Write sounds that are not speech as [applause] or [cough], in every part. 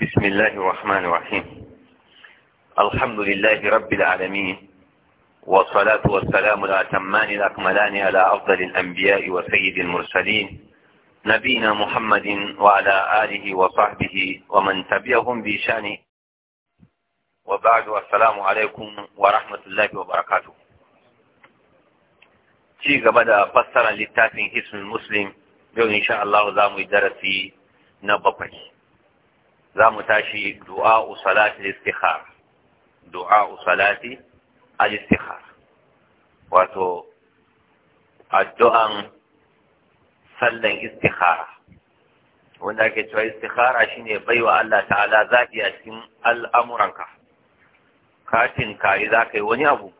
بسم الله الرحمن الرحيم الحمد لله رب العالمين والصلاة والسلام الأتمان الأكملان على أفضل الأنبياء وسيد المرسلين نبينا محمد وعلى آله وصحبه ومن تبعهم بشان وبعد والسلام عليكم ورحمة الله وبركاته ci بدأ فسرا fassara اسم المسلم يوم إن شاء الله za mu yi za mu tashi du'a u salati istikhar du'a u salati al-istikhar wato addu'an sallan istikhara wanda ke cewa istikhara shine baiwa Allah ta'ala zaɓi a cikin al'amuranka katin kayi za ka yi wani abu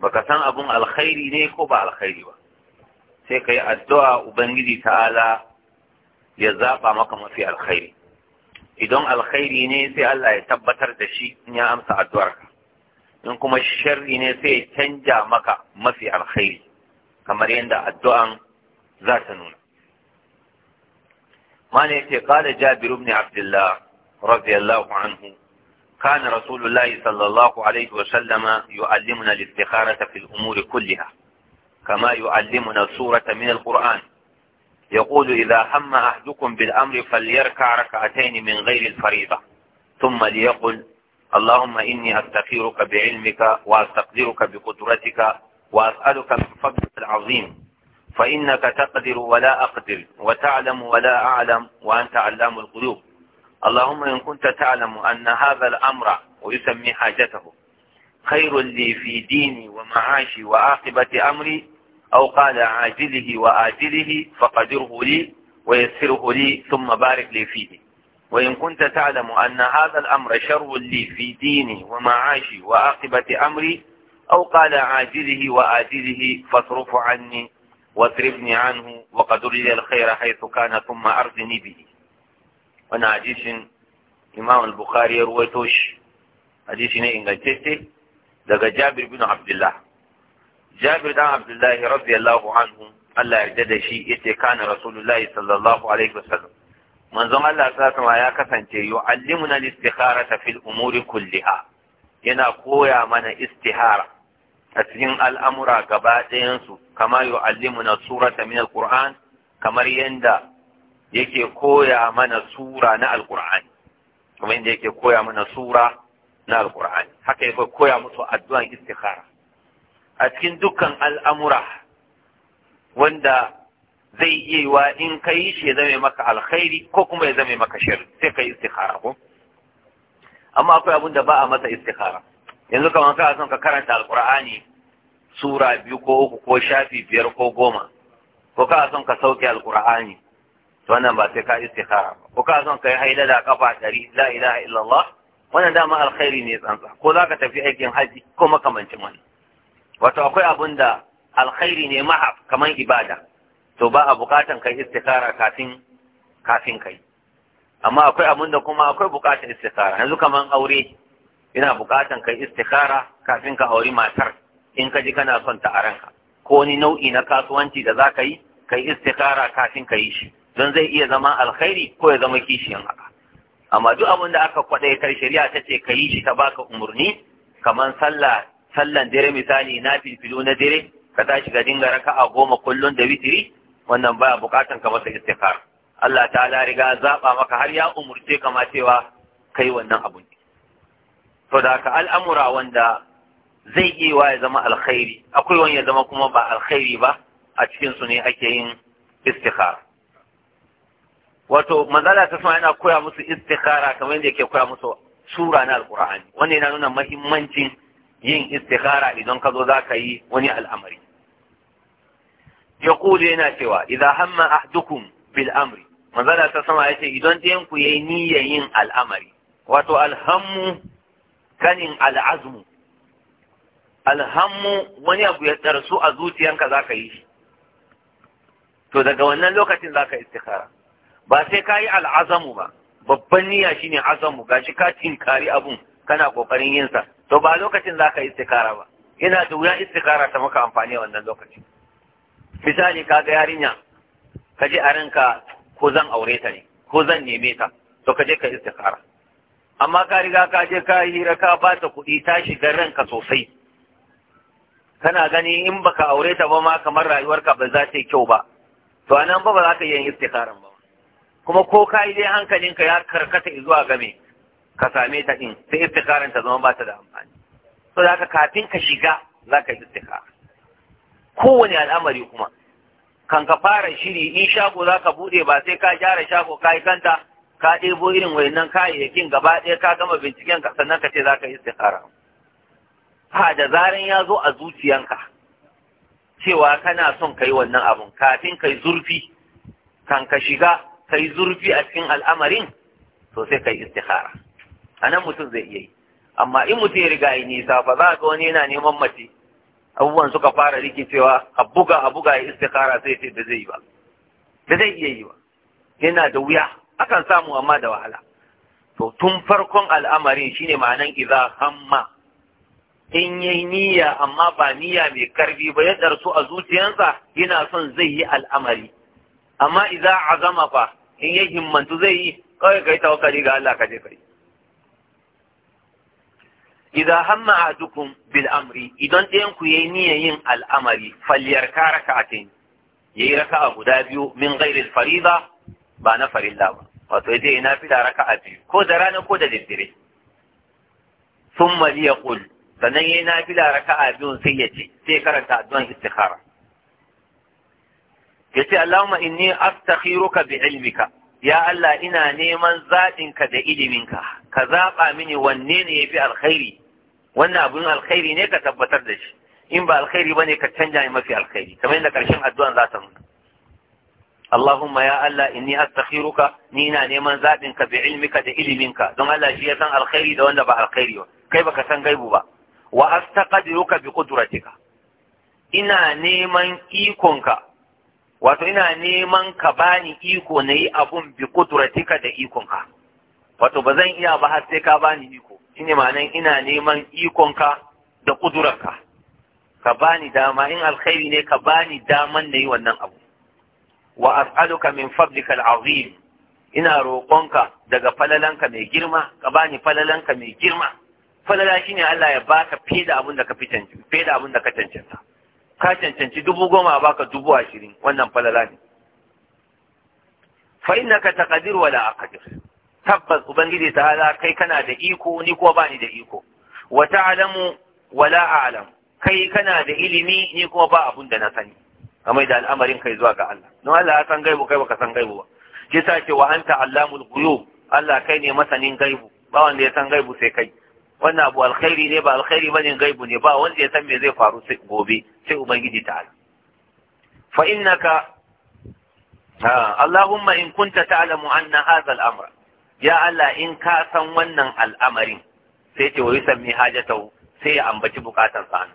baka san abun alkhairi ne ko ba alkhairi ba sai ka yi addu'a ubangiji ta'ala ya zaba maka mafi alkhairi idan alkhairi ne sai Allah ya tabbatar da shi in ya amsa addu'arka in kuma sharri ne sai ya canja maka mafi alkhairi kamar yadda addu'an za ta nuna mana yace kala jabir ibn abdullah radiyallahu anhu كان رسول الله صلى الله عليه وسلم يعلمنا الاستخارة في الأمور كلها كما يعلمنا السورة من القرآن يقول إذا هم أحدكم بالأمر فليركع ركعتين من غير الفريضة ثم ليقل اللهم إني أستخيرك بعلمك وأستقدرك بقدرتك وأسألك من فضلك العظيم فإنك تقدر ولا أقدر وتعلم ولا أعلم وأنت علام القلوب اللهم إن كنت تعلم أن هذا الأمر ويسمي حاجته خير لي في ديني ومعاشي وعاقبة أمري أو قال عاجله وآجله فقدره لي ويسره لي ثم بارك لي فيه وإن كنت تعلم أن هذا الأمر شر لي في ديني ومعاشي وعاقبة أمري أو قال عاجله وآجله فاصرف عني واصرفني عنه وقدر لي الخير حيث كان ثم أرضني به وانا حديث إمام البخاري رويتوش حديث إنجلتيتي لقى جابر بن عبد الله jabir dan abdullahi radiyallahu anhu Allah yarda da shi yace kana rasulullahi sallallahu alaihi wasallam manzon Allah sallallahu ya kasance yu'allimuna al-istikharata fil umuri kulliha yana koya mana istihara a cikin al'amura gaba ɗayansu kama yu'allimuna surata min al-qur'an kamar yadda yake koya mana sura na al-qur'an kamar yadda yake koya mana sura na al-qur'an haka yake koya musu addu'an istikhara a cikin dukkan al'amura wanda zai iya yiwa in ka yi shi ya zame maka alkhairi ko kuma ya zame maka shir sai ka yi ko amma akwai abin da ba a masa istihara yanzu kamar ka son ka karanta alkur'ani sura biyu ko uku ko shafi biyar ko goma ko ka son ka sauke alkur'ani to wannan ba sai ka istikhara ba ko ka son ka yi haila da kafa ɗari la ilaha illallah wannan dama alkhairi ne tsantsa ko za ka tafi aikin haji ko makamancin wani wato akwai abin da alkhairi ne maha kamar ibada to ba a bukatan kai istikara kafin kafin kai amma akwai abin da kuma akwai bukatan istikara yanzu kamar aure ina bukatan kai istikara kafin ka auri matar in ka ji kana son ta a ranka ko wani nau'i na kasuwanci da za ka yi kai istikara kafin ka yi shi don zai iya zama alkhairi ko ya zama kishiyan haka amma duk abin da aka kwaɗaitar shari'a ta ce ka yi shi ta baka umarni kamar sallah sallan dare misali na filfilo na dare ka tashi ga dinga a goma kullum da witiri wannan baya bukatan ka masa istighfar Allah ta'ala riga zaba maka har ya umurce ka ma cewa kai wannan abun to da ka al'amura wanda zai yi wa ya zama alkhairi akwai wani ya zama kuma ba alkhairi ba a cikin su ne ake yin istighfar wato manzala ta sama yana koya musu istikhara kamar yadda yake koya musu sura na alqur'ani wanda yana nuna muhimmancin yin istikhara idan ka zo za ka yi wani al'amari ya kuli yana cewa idan hamma ahdukum bil amri manzala ta sama ya ce idan ɗayan ku yi niyyar yin al'amari wato alhammu kanin al'azmu alhammu wani abu ya tarsu a zuciyanka za ka yi shi to daga wannan lokacin za ka istikhara ba sai ka yi al'azamu ba babban niyya shine azamu gashi ka tinkari abun kana ƙoƙarin yinsa to ba lokacin za ka istikara ba ina da wuya istikara ta maka amfani a wannan lokacin misali ka ga yarinya ka je a ranka ko zan aure ta ne ko zan neme ta to ka je ka istikara amma ka riga ka je ka hira ka ba ta kuɗi ta shiga ranka sosai kana gani in baka aure ta ba ma kamar rayuwarka ba za ta yi kyau ba to anan ba ba za ka yi istikaran ba kuma ko ka yi dai hankalinka ya karkata zuwa game ka same ta din sai iftikharin ta zama ba ta da amfani so da ka kafin ka shiga za ka yi iftikar kowane al'amari kuma kan ka fara shiri in shago za ka buɗe ba sai ka gyara shago ka yi kanta ka ɗebo irin wayannan kayayyakin gaba ɗaya ka gama binciken ka sannan ka ce za ka yi istikara ha da zaran ya zo a zuciyanka cewa kana son ka yi wannan abun kafin ka yi zurfi kan ka shiga ka yi zurfi a cikin al'amarin to sai ka yi istikara a nan mutum zai iya yi amma in mutum ya riga yi nisa fa za ga wani yana neman mace abubuwan suka fara rikicewa a buga a buga ya kara, sai ce da zai yi ba da zai iya yi ba yana da wuya akan samu amma da wahala to tun farkon al'amarin shine ma'anan idza hamma in yi niyya amma ba niyya mai karfi ba ya darsu a zuciyarsa yana son zai yi al'amari amma idza azama fa in ya himmantu zai yi kawai kai tawakkali ga Allah ka je kai idza hamma ahadukum bil amri idan ɗayanku ku yayi niyyar yin al'amari falyarka raka'atayn yayi raka'a guda biyu min ghairi al fariida ba na farilla ba wato yaje ina fila raka'a biyu ko da rana ko da daddare thumma liyaqul sannan na biyun sai ya ce sai karanta yace allahumma inni astakhiruka bi ilmika ya Allah ina neman zaɓinka da iliminka ka zaɓa mini wanne ne ya fi alkhairi wannan abin alkhairi ne ka tabbatar da shi in ba alkhairi ba ne ka canja ni mafi alkhairi kamar yadda ƙarshen addu'an za ta nuna Allahumma ya Allah inni astakhiruka ni ina neman zaɓinka bi ilmika da iliminka don Allah shi ya san alkhairi da wanda ba alkhairi ba kai baka san gaibu ba wa astaqdiruka bi qudratika ina neman ikonka wato ina neman ka bani iko na yi abun bi kuduratika da ikonka wato ba zan iya ba har sai ka bani iko shine ma'anan ina neman ikonka da kudurarka ka bani dama in alkhairi ne ka bani daman na yi wannan abu wa as'aluka min fadlika al'azim ina roƙonka daga falalanka mai girma ka bani falalanka mai girma falala shine Allah ya baka fiye da abun da ka fi cancanta ka cancanci dubu goma a baka dubu ashirin wannan falala ne fa ka taqdir wala aqdir tabbas ubangiji ta hala kai kana da iko ni ko ba da iko wa ta'lamu wala a'lam kai kana da ilimi ni kuma ba abun da na sani kamar da al'amarin kai zuwa ga Allah don Allah ya san gaibu kai baka san gaibu ba shi sa ce wa anta allamul ghuyub Allah kai ne masanin gaibu ba wanda ya san gaibu sai kai wannan abu alkhairi ne ba alkhairi bane gaibu ne ba wanda ya san me zai faru sai gobe sai ubangiji ala. fa innaka Allahumma in kunta ta'lamu anna hadha al-amra ya Allah in ka san wannan al'amarin sai ce wai san mi hajatahu sai ya ambaci bukatar sa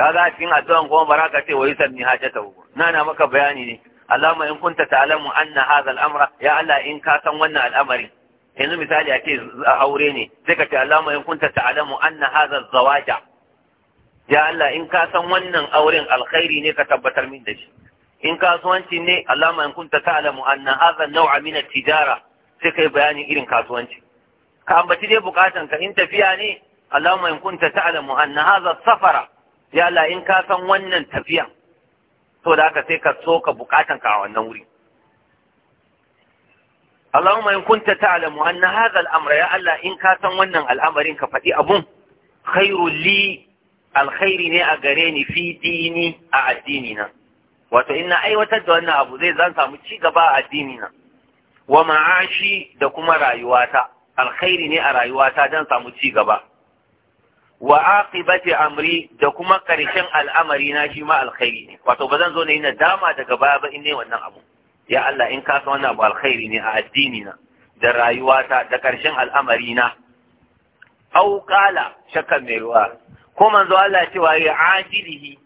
kaga cikin addu'an goma baraka sai wai san mi hajatahu na na maka bayani ne Allahumma in kunta ta'lamu anna hadha al-amra ya Allah in ka san wannan al'amarin yanzu misali a ce aure ne sai ka ce Allahumma in kunta ta'lamu anna hadha zawaja ya Allah in ka san wannan auren alkhairi ne ka tabbatar min da shi in kasuwanci ne Allahumma in kunta ta'lamu anna hadha naw'a min at-tijara sai kai bayanin irin kasuwanci ka ambaci dai bukatan ka in tafiya ne Allahumma in kunta ta'lamu anna hadha safara ya Allah in ka san wannan tafiyan to da haka sai ka so ka bukatan ka a wannan wuri Allahumma in kunta ta'lamu anna hadha al-amra ya Allah in ka san wannan al'amarin ka faɗi abun khairul li alkhairi ne a gare ni fi dini a addini na wato ina aiwatar da wannan abu zai zan samu ci gaba a addini na wa ma'ashi da kuma rayuwata alkhairi ne a rayuwata dan samu ci gaba wa aqibati amri da kuma karshen al'amari na shi ma alkhairi ne wato ba zan zo ne na dama daga baya ba in ne wannan abu ya Allah in ka san wannan abu alkhairi ne a addini na da rayuwata da ƙarshen al'amari na au shakkan mai ruwa ko manzo Allah cewa ya ajilihi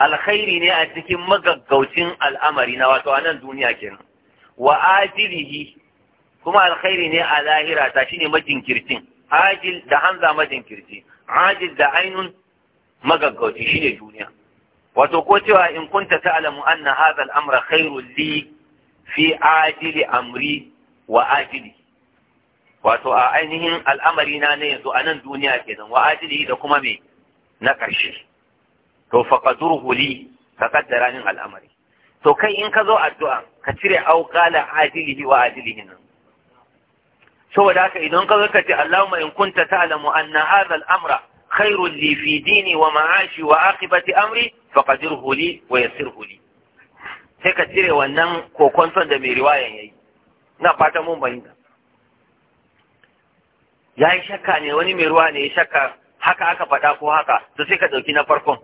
alkhairi ne a cikin magaggaucin al'amari na wato a nan duniya kenan wa ajilihi kuma alkhairi ne a lahira ta shine majinkircin ajil da hanza majinkirci ajil da ainun magaggauci shine duniya wato ko cewa in kunta ta'lamu anna hadha al-amra khairul li fi ajili amri wa ajili wato a ainihin al'amari na ne yanzu a nan duniya kenan wa ajili da kuma me na ƙarshe to faqadurhu li ka kaddara min al'amari to kai in ka zo addu'a ka cire auqala ajilihi wa ajilihi nan saboda haka idan ka zo ka ce Allahumma in kunta ta'lamu anna hadha al-amra khairul li fi dini wa ma'ashi wa aqibati amri faqadirhu huli, wa yassirhu sai ka cire wannan kokonton da mai riwayan yayi na fata mun bayyana ya yi shakka ne wani mai ruwa ne ya shakka haka aka faɗa ko haka to sai ka ɗauki na farkon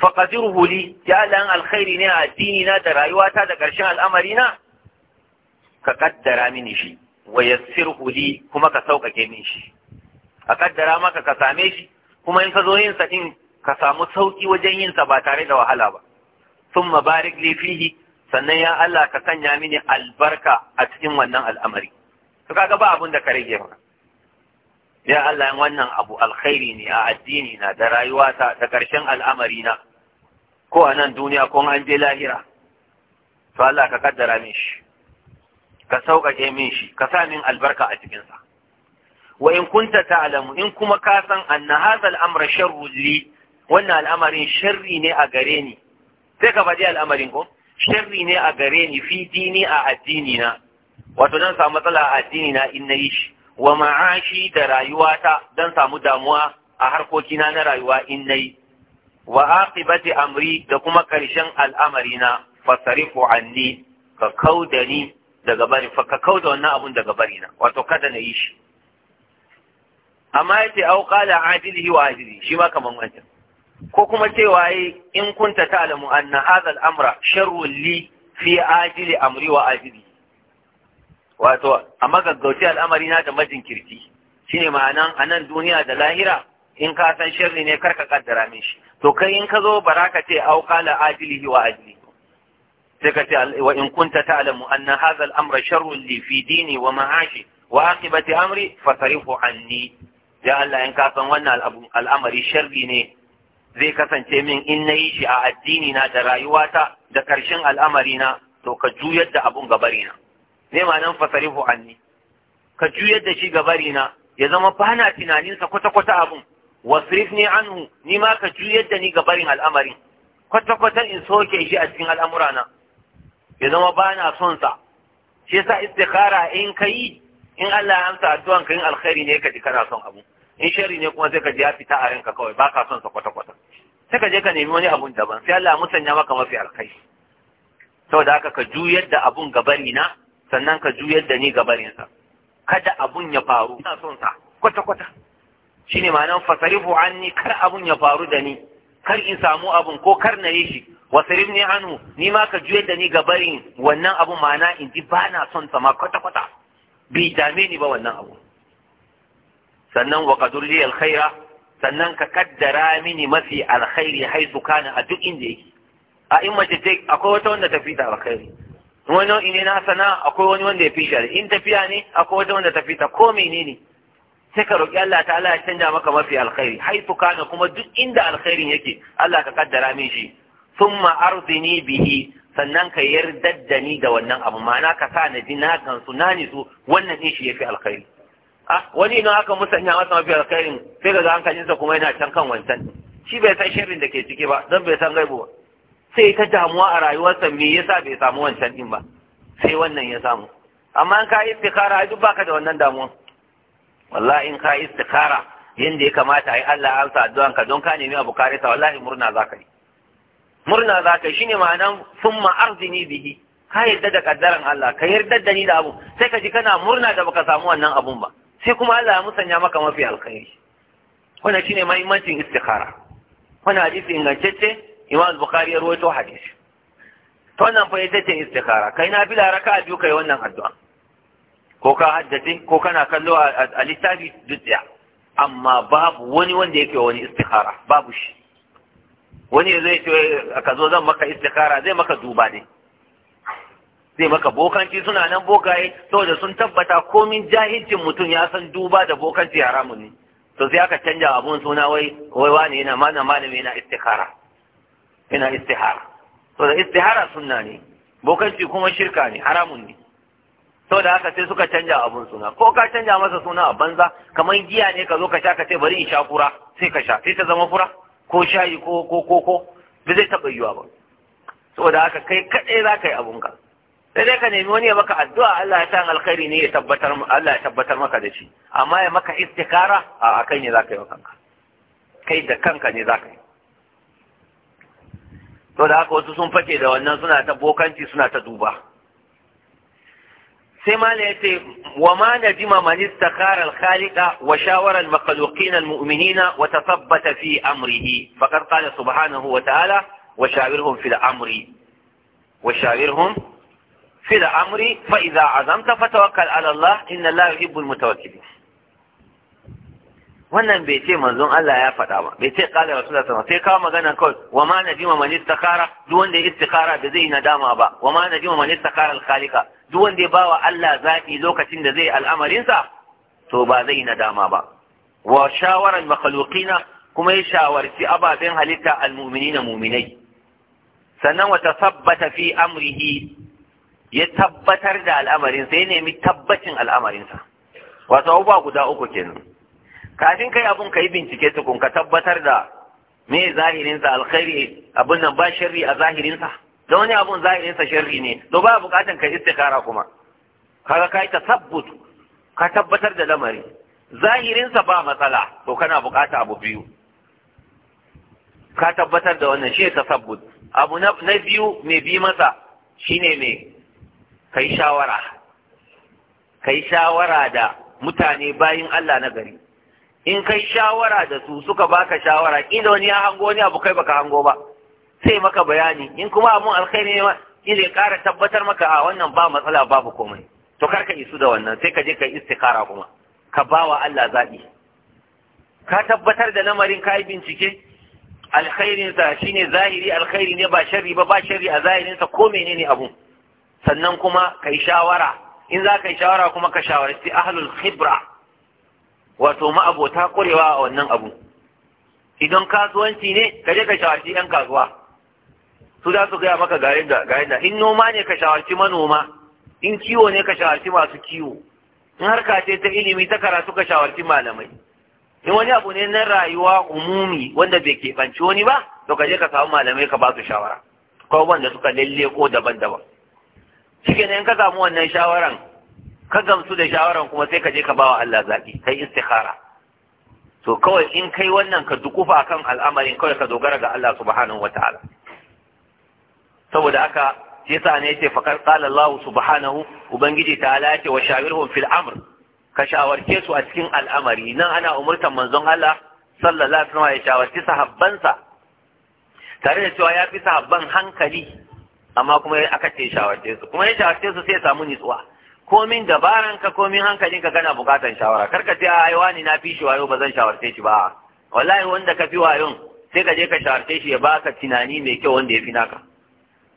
faƙazir huli ya lan alkhairi ne a addini na da rayuwata da ƙarshen al'amari na ka ƙaddara mini shi wa yassir huli kuma ka sauƙaƙe min shi a ƙaddara maka ka same shi kuma in ka zo yin sa ka samu sauki wajen yin sa ba tare da wahala ba sun Mabarik li sannan ya Allah ka sanya mini albarka a cikin wannan al'amari to kaga ba abin da ka rage maka ya Allah wannan abu alkhairi ne a addini na da rayuwata da ƙarshen al'amari na ko a nan duniya ko an je lahira to Allah ka kaddara min shi ka sauƙaƙe min shi ka sa min albarka a cikin sa wa in kunta ta'lamu in kuma ka san anna hadha al-amra sharru li wannan al'amarin sharri ne a gare ni sai ka faɗi al'amarin ko sharri ne a gare ni fi dini a addini na wato dan samu matsala a addini na in yi shi wa ma'ashi da rayuwata dan samu damuwa a harkokina na rayuwa in yi. wa aqibati amri da kuma ƙarshen al'amari na fasarifu anni ka kauda ni daga bari fa ka kauda wannan abun daga bari na wato kada na yi shi amma yace au qala adilihi wa adili shi ma kaman wancan ko kuma cewa yi in kunta ta ta'lamu anna hadha al-amra sharrun li fi ajili amri wa ajili wato amma gaggauce al'amari na da majinkirti shine ma'anan nan duniya da lahira in ka san sharri ne karka kaddara min shi to kai in ka zo baraka ce au qala ajilihi wa ajili sai ka ce wa in kunta ta ta'lamu anna hadha al-amra sharrun li fi dini wa ma'ashi wa aqibati amri fasarifu anni ya Allah in ka san wannan al'amari sharri ne zai kasance min in na yi shi a addini na da rayuwata da ƙarshen al'amari na to ka juyar da abun gabari na ne ma nan fasarifu anni ka juyar da shi gabari ya zama bana tunaninsa kwata-kwata abun wasrif ne anhu ni ma ka juyar da ni gabarin al'amarin kwata-kwata in soke shi a cikin al'amura na ya zama bana son sa shi yasa istikhara in kai in Allah ya amsa addu'an ka yin alkhairi ne ka ji kana son abu in shari ne kuma sai ka je ya fita a ranka kawai ba ka son sa kwata-kwata sai ka je ka nemi wani abun daban sai Allah musanya maka mafi alkai saboda haka ka juyar da abun gabari na sannan ka juyar da ni gabarinsa kada abun ya faru ina son sa kwata-kwata shine ma'anar fasarifu anni kar abun ya faru da ni kar in samu abun ko kar na yi shi wasarif ne hannu ni ma ka juyar da ni gabarin wannan abun ma'ana in ji ba na son sa ma kwata-kwata bai dame ni ba wannan abu sannan wa qadurli alkhaira sannan ka kaddara mini mafi alkhairi haisu kana a duk inda yake a in mace ce akwai wata wanda ta fita alkhairi wani ne ina sana akwai wani wanda ya fi shi in tafiya ne akwai wata wanda ta fita ko menene sai ka roƙi Allah ta'ala ya canja maka mafi alkhairi haitu kana kuma duk inda alkhairin yake Allah ka kaddara min shi thumma arzini bihi sannan ka yardar da ni da wannan abu ma'ana ka sa na ji na gansu na nisu wannan ne shi fi alkhairi Ah, wani idan aka musanya masa mafi alkhairin sai ga kanyinsa kuma yana can kan wancan shi bai san shirin da ke ciki ba don bai san gaibu ba sai ta damuwa a rayuwarsa me yasa bai samu wancan din ba sai wannan ya samu amma in ka yi istikara duk baka da wannan damuwa wallahi in ka yi istikara yanda ya kamata ai Allah ya amsa addu'an ka don ka nemi abu kare ta wallahi murna zaka yi murna zaka yi shine ma'anan summa arzini bihi ka yarda da kaddaran Allah ka yarda da ni da abu sai ka ji kana murna da baka samu wannan abun ba sai kuma Allah ya musanya maka mafi alkhairi wannan shine mahimmancin istikhara wannan hadisi ingantacce Imam Bukhari ya rawaito hadisi to wannan fa yace ce istikhara kai na bila raka'a biyu kai wannan addu'a ko ka haddace ko kana kallo a littafi duk amma babu wani wanda yake wani istikhara babu shi wani zai ce ka zo zan maka istikhara zai maka duba ne zai maka bokanci suna nan bokaye saboda sun tabbata komin jahilcin mutum ya san duba da bokanci haramun ne to sai aka canja abun suna wai wai wani yana mana malami yana istihara, yana istihara da istihara sunna ne bokanci kuma shirka ne haramun ne saboda haka sai suka canja abun suna ko ka canja masa suna a banza kamar giya ne ka zo ka sha ka ce bari in sha fura sai ka sha sai ta zama fura ko shayi ko ko ko ko ba zai taɓa yiwa ba saboda haka kai kaɗai za ka yi abunka sai dai ka nemi wani ya maka addu'a Allah ya san alkhairi ne ya tabbatar Allah ya tabbatar maka da shi amma ya maka istikara a kai ne zaka yi wa kanka kai da kanka ne zaka yi to da haka wasu sun fake da wannan suna ta bokanci suna ta duba sai mala ya ce wa ma najima man istakara al-khaliqa wa shawara al-makhluqin al-mu'minina wa tathabbata fi amrihi faqad qala subhanahu wa ta'ala wa shawirhum fil amri wa shawirhum في الأمر فإذا عزمت فتوكل على الله إن الله يحب المتوكلين wannan bai ce manzon Allah ya faɗa ba bai ce kala rasulullah sallallahu alaihi sai kawo magana kawai wa ma najima man istakara duk wanda ya istikara da zai nadama ba wa ma najima man istakara al-khaliqa duk wanda ya bawa Allah zaɓi lokacin da zai al'amarin sa to ba zai nadama ba wa shawaran makhluqina kuma ya shawarci ababen halitta al-mu'minina mu'minai sannan wa tasabbata fi amrihi ya tabbatar da al'amarin sai nemi tabbacin al'amarinsa wasu abubuwa guda uku kenan kafin kai abun ka yi bincike tukun ka tabbatar da me zahirinsa alkhairi abun nan ba sharri a zahirinsa da wani abun zahirinsa sharri ne to ba bukatan ka istikara kuma kaga kai tasabbut ka tabbatar da lamari zahirinsa ba matsala to kana bukata abu biyu ka tabbatar da wannan shi ta tasabbut abu na biyu mai bi masa shine me. kai shawara kai shawara da mutane bayin Allah na gari in kai shawara da su suka baka shawara kila wani ya hango wani abu kai baka hango ba sai maka bayani in kuma abun alkhairi ne in ya ƙara tabbatar maka a wannan ba matsala babu komai to kar ka isu da wannan sai ka je ka istikara kuma ka bawa Allah zaɓi ka tabbatar da lamarin ka yi bincike alkhairinsa shine zahiri alkhairi ne ba sharri ba ba sharri a zahirinsa ko menene abun sannan kuma kai shawara in za ka yi shawara kuma ka shawarci ahlul khibra wato ma'abota kurewa a wannan abu idan kasuwanci ne ka je ka shawarci 'yan kasuwa su za su gaya maka gare da in noma ne ka shawarci manoma in kiwo ne ka shawarci masu kiwo in harka ce ta ilimi ta karatu ka shawarci malamai in wani abu ne na rayuwa umumi wanda bai keɓanci wani ba to ka je ka samu malamai ka ba su shawara ko wanda suka lalle ko daban-daban shi ne in ka samu wannan shawaran ka gamsu da shawaran kuma sai ka je ka bawa Allah zaki kai istikhara to kawai in kai wannan ka dukufa kan al'amarin kawai ka dogara ga Allah subhanahu wataala saboda haka yasa ne yace faqad qala Allah subhanahu ubangiji ta'ala yace wa shawirhum fil amr ka shawarce su a cikin al'amari nan ana umurtan manzon Allah sallallahu alaihi wasallam ya shawarci sa tare da cewa ya fi sahabban hankali amma kuma aka ce shawarce su kuma ya shawarce su sai samu nitsuwa komin dabaran ka komin hankalinka kana bukatan shawara kar ka ce a aiwa ni na fi wayo ba zan shawarce shi ba wallahi wanda ka fi wayon sai ka je ka shawarce shi ya baka tunani mai kyau wanda ya fi naka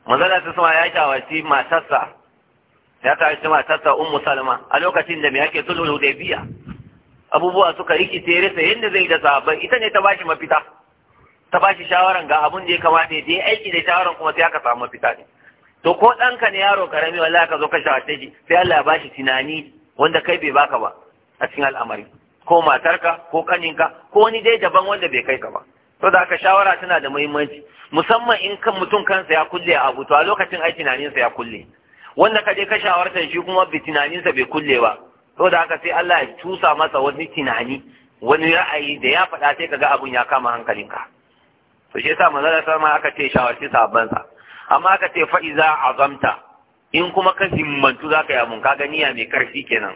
manzala su suma ya shawarci matarsa ya shawarci matarsa ummu salma a lokacin da me yake da biya. abubuwa suka rikice rasa yadda zai da sahabbai ita ne ta bashi mafita ta ba shi shawaran ga abun da ya kamata ya yi aiki da shawaran kuma sai aka samu mafita ne to ko ɗanka ne yaro karami wallahi aka zo ka shawarce shi sai Allah ya ba shi tunani wanda kai bai baka ba a cikin al'amari ko matarka ko kaninka ko wani dai daban wanda bai kai ka ba to da aka shawara tana da muhimmanci musamman in kan mutum kansa ya kulle a abu to a lokacin ai tunaninsa ya kulle wanda ka je ka shawarta shi kuma bi tunaninsa bai kulle ba to da haka sai Allah ya cusa masa wani tunani wani ra'ayi da ya faɗa sai kaga abun ya kama hankalinka to shi yasa Allah sama aka ce shawarci sabban sa amma aka ce fa iza azamta in kuma ka himmantu zaka yi mun, kaga niyya mai karfi kenan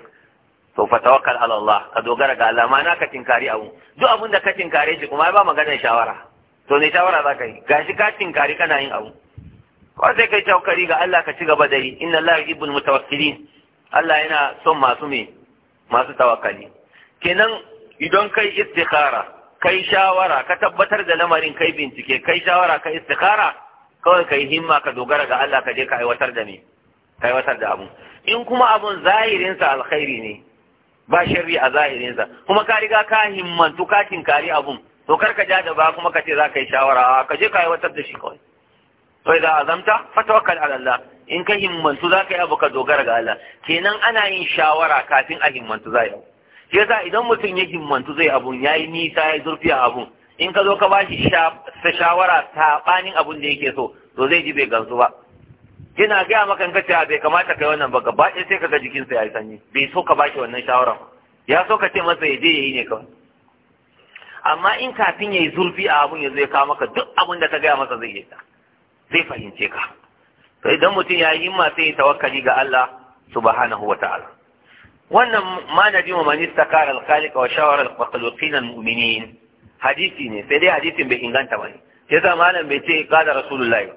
to fa tawakkal ala Allah ka dogara ga Allah ma ka tinkari abu duk abun da ka tinkare shi kuma ba maganar shawara to ne shawara zaka yi gashi ka tinkari kana yin abu ko sai kai tawakkali ga Allah ka ci gaba da yi inna Allah yuhibbul mutawakkilin Allah yana son masu me masu tawakkali kenan idan kai istikhara kai shawara ka tabbatar da lamarin kai bincike kai shawara ka istikhara kawai kai himma ka dogara ga Allah ka je ka aiwatar da ni ka aiwatar da abu in kuma abun zahirin sa alkhairi ne ba sharri a zahirin sa kuma ka riga ka himmantu ka kari abun to kar ka ja da ba kuma ka ce za ka yi shawara ka je ka aiwatar da shi kawai to idan azamta fatawakkal ala Allah in ka himmantu za ka yi abu ka dogara ga Allah kenan ana yin shawara kafin a himmantu za yi abu shi yasa idan mutum ya himmantu zai abun ya yi nisa ya zurfi a abun in ka zo ka bashi shawara ta banin abun da yake so to zai ji bai gansu ba Kina gaya maka in ka kace bai kamata kai wannan ba gaba ɗaya sai kaga jikinsa ya yi sanyi bai so ka bashi wannan shawara ya so ka ce masa ya je yayi ne kawai amma in kafin yayi zurfi a abun ya zo ya kawo maka duk abun da ka gaya masa zai yi zai fahimce ka to idan mutum ya yi himma sai ya tawakkali ga Allah subhanahu wa ta'ala wannan ma na bi ta istakara alkali ka wa shawara al-makhluqin al hadisi ne sai dai hadisin bai inganta ba ne yasa malam bai ce qala rasulullahi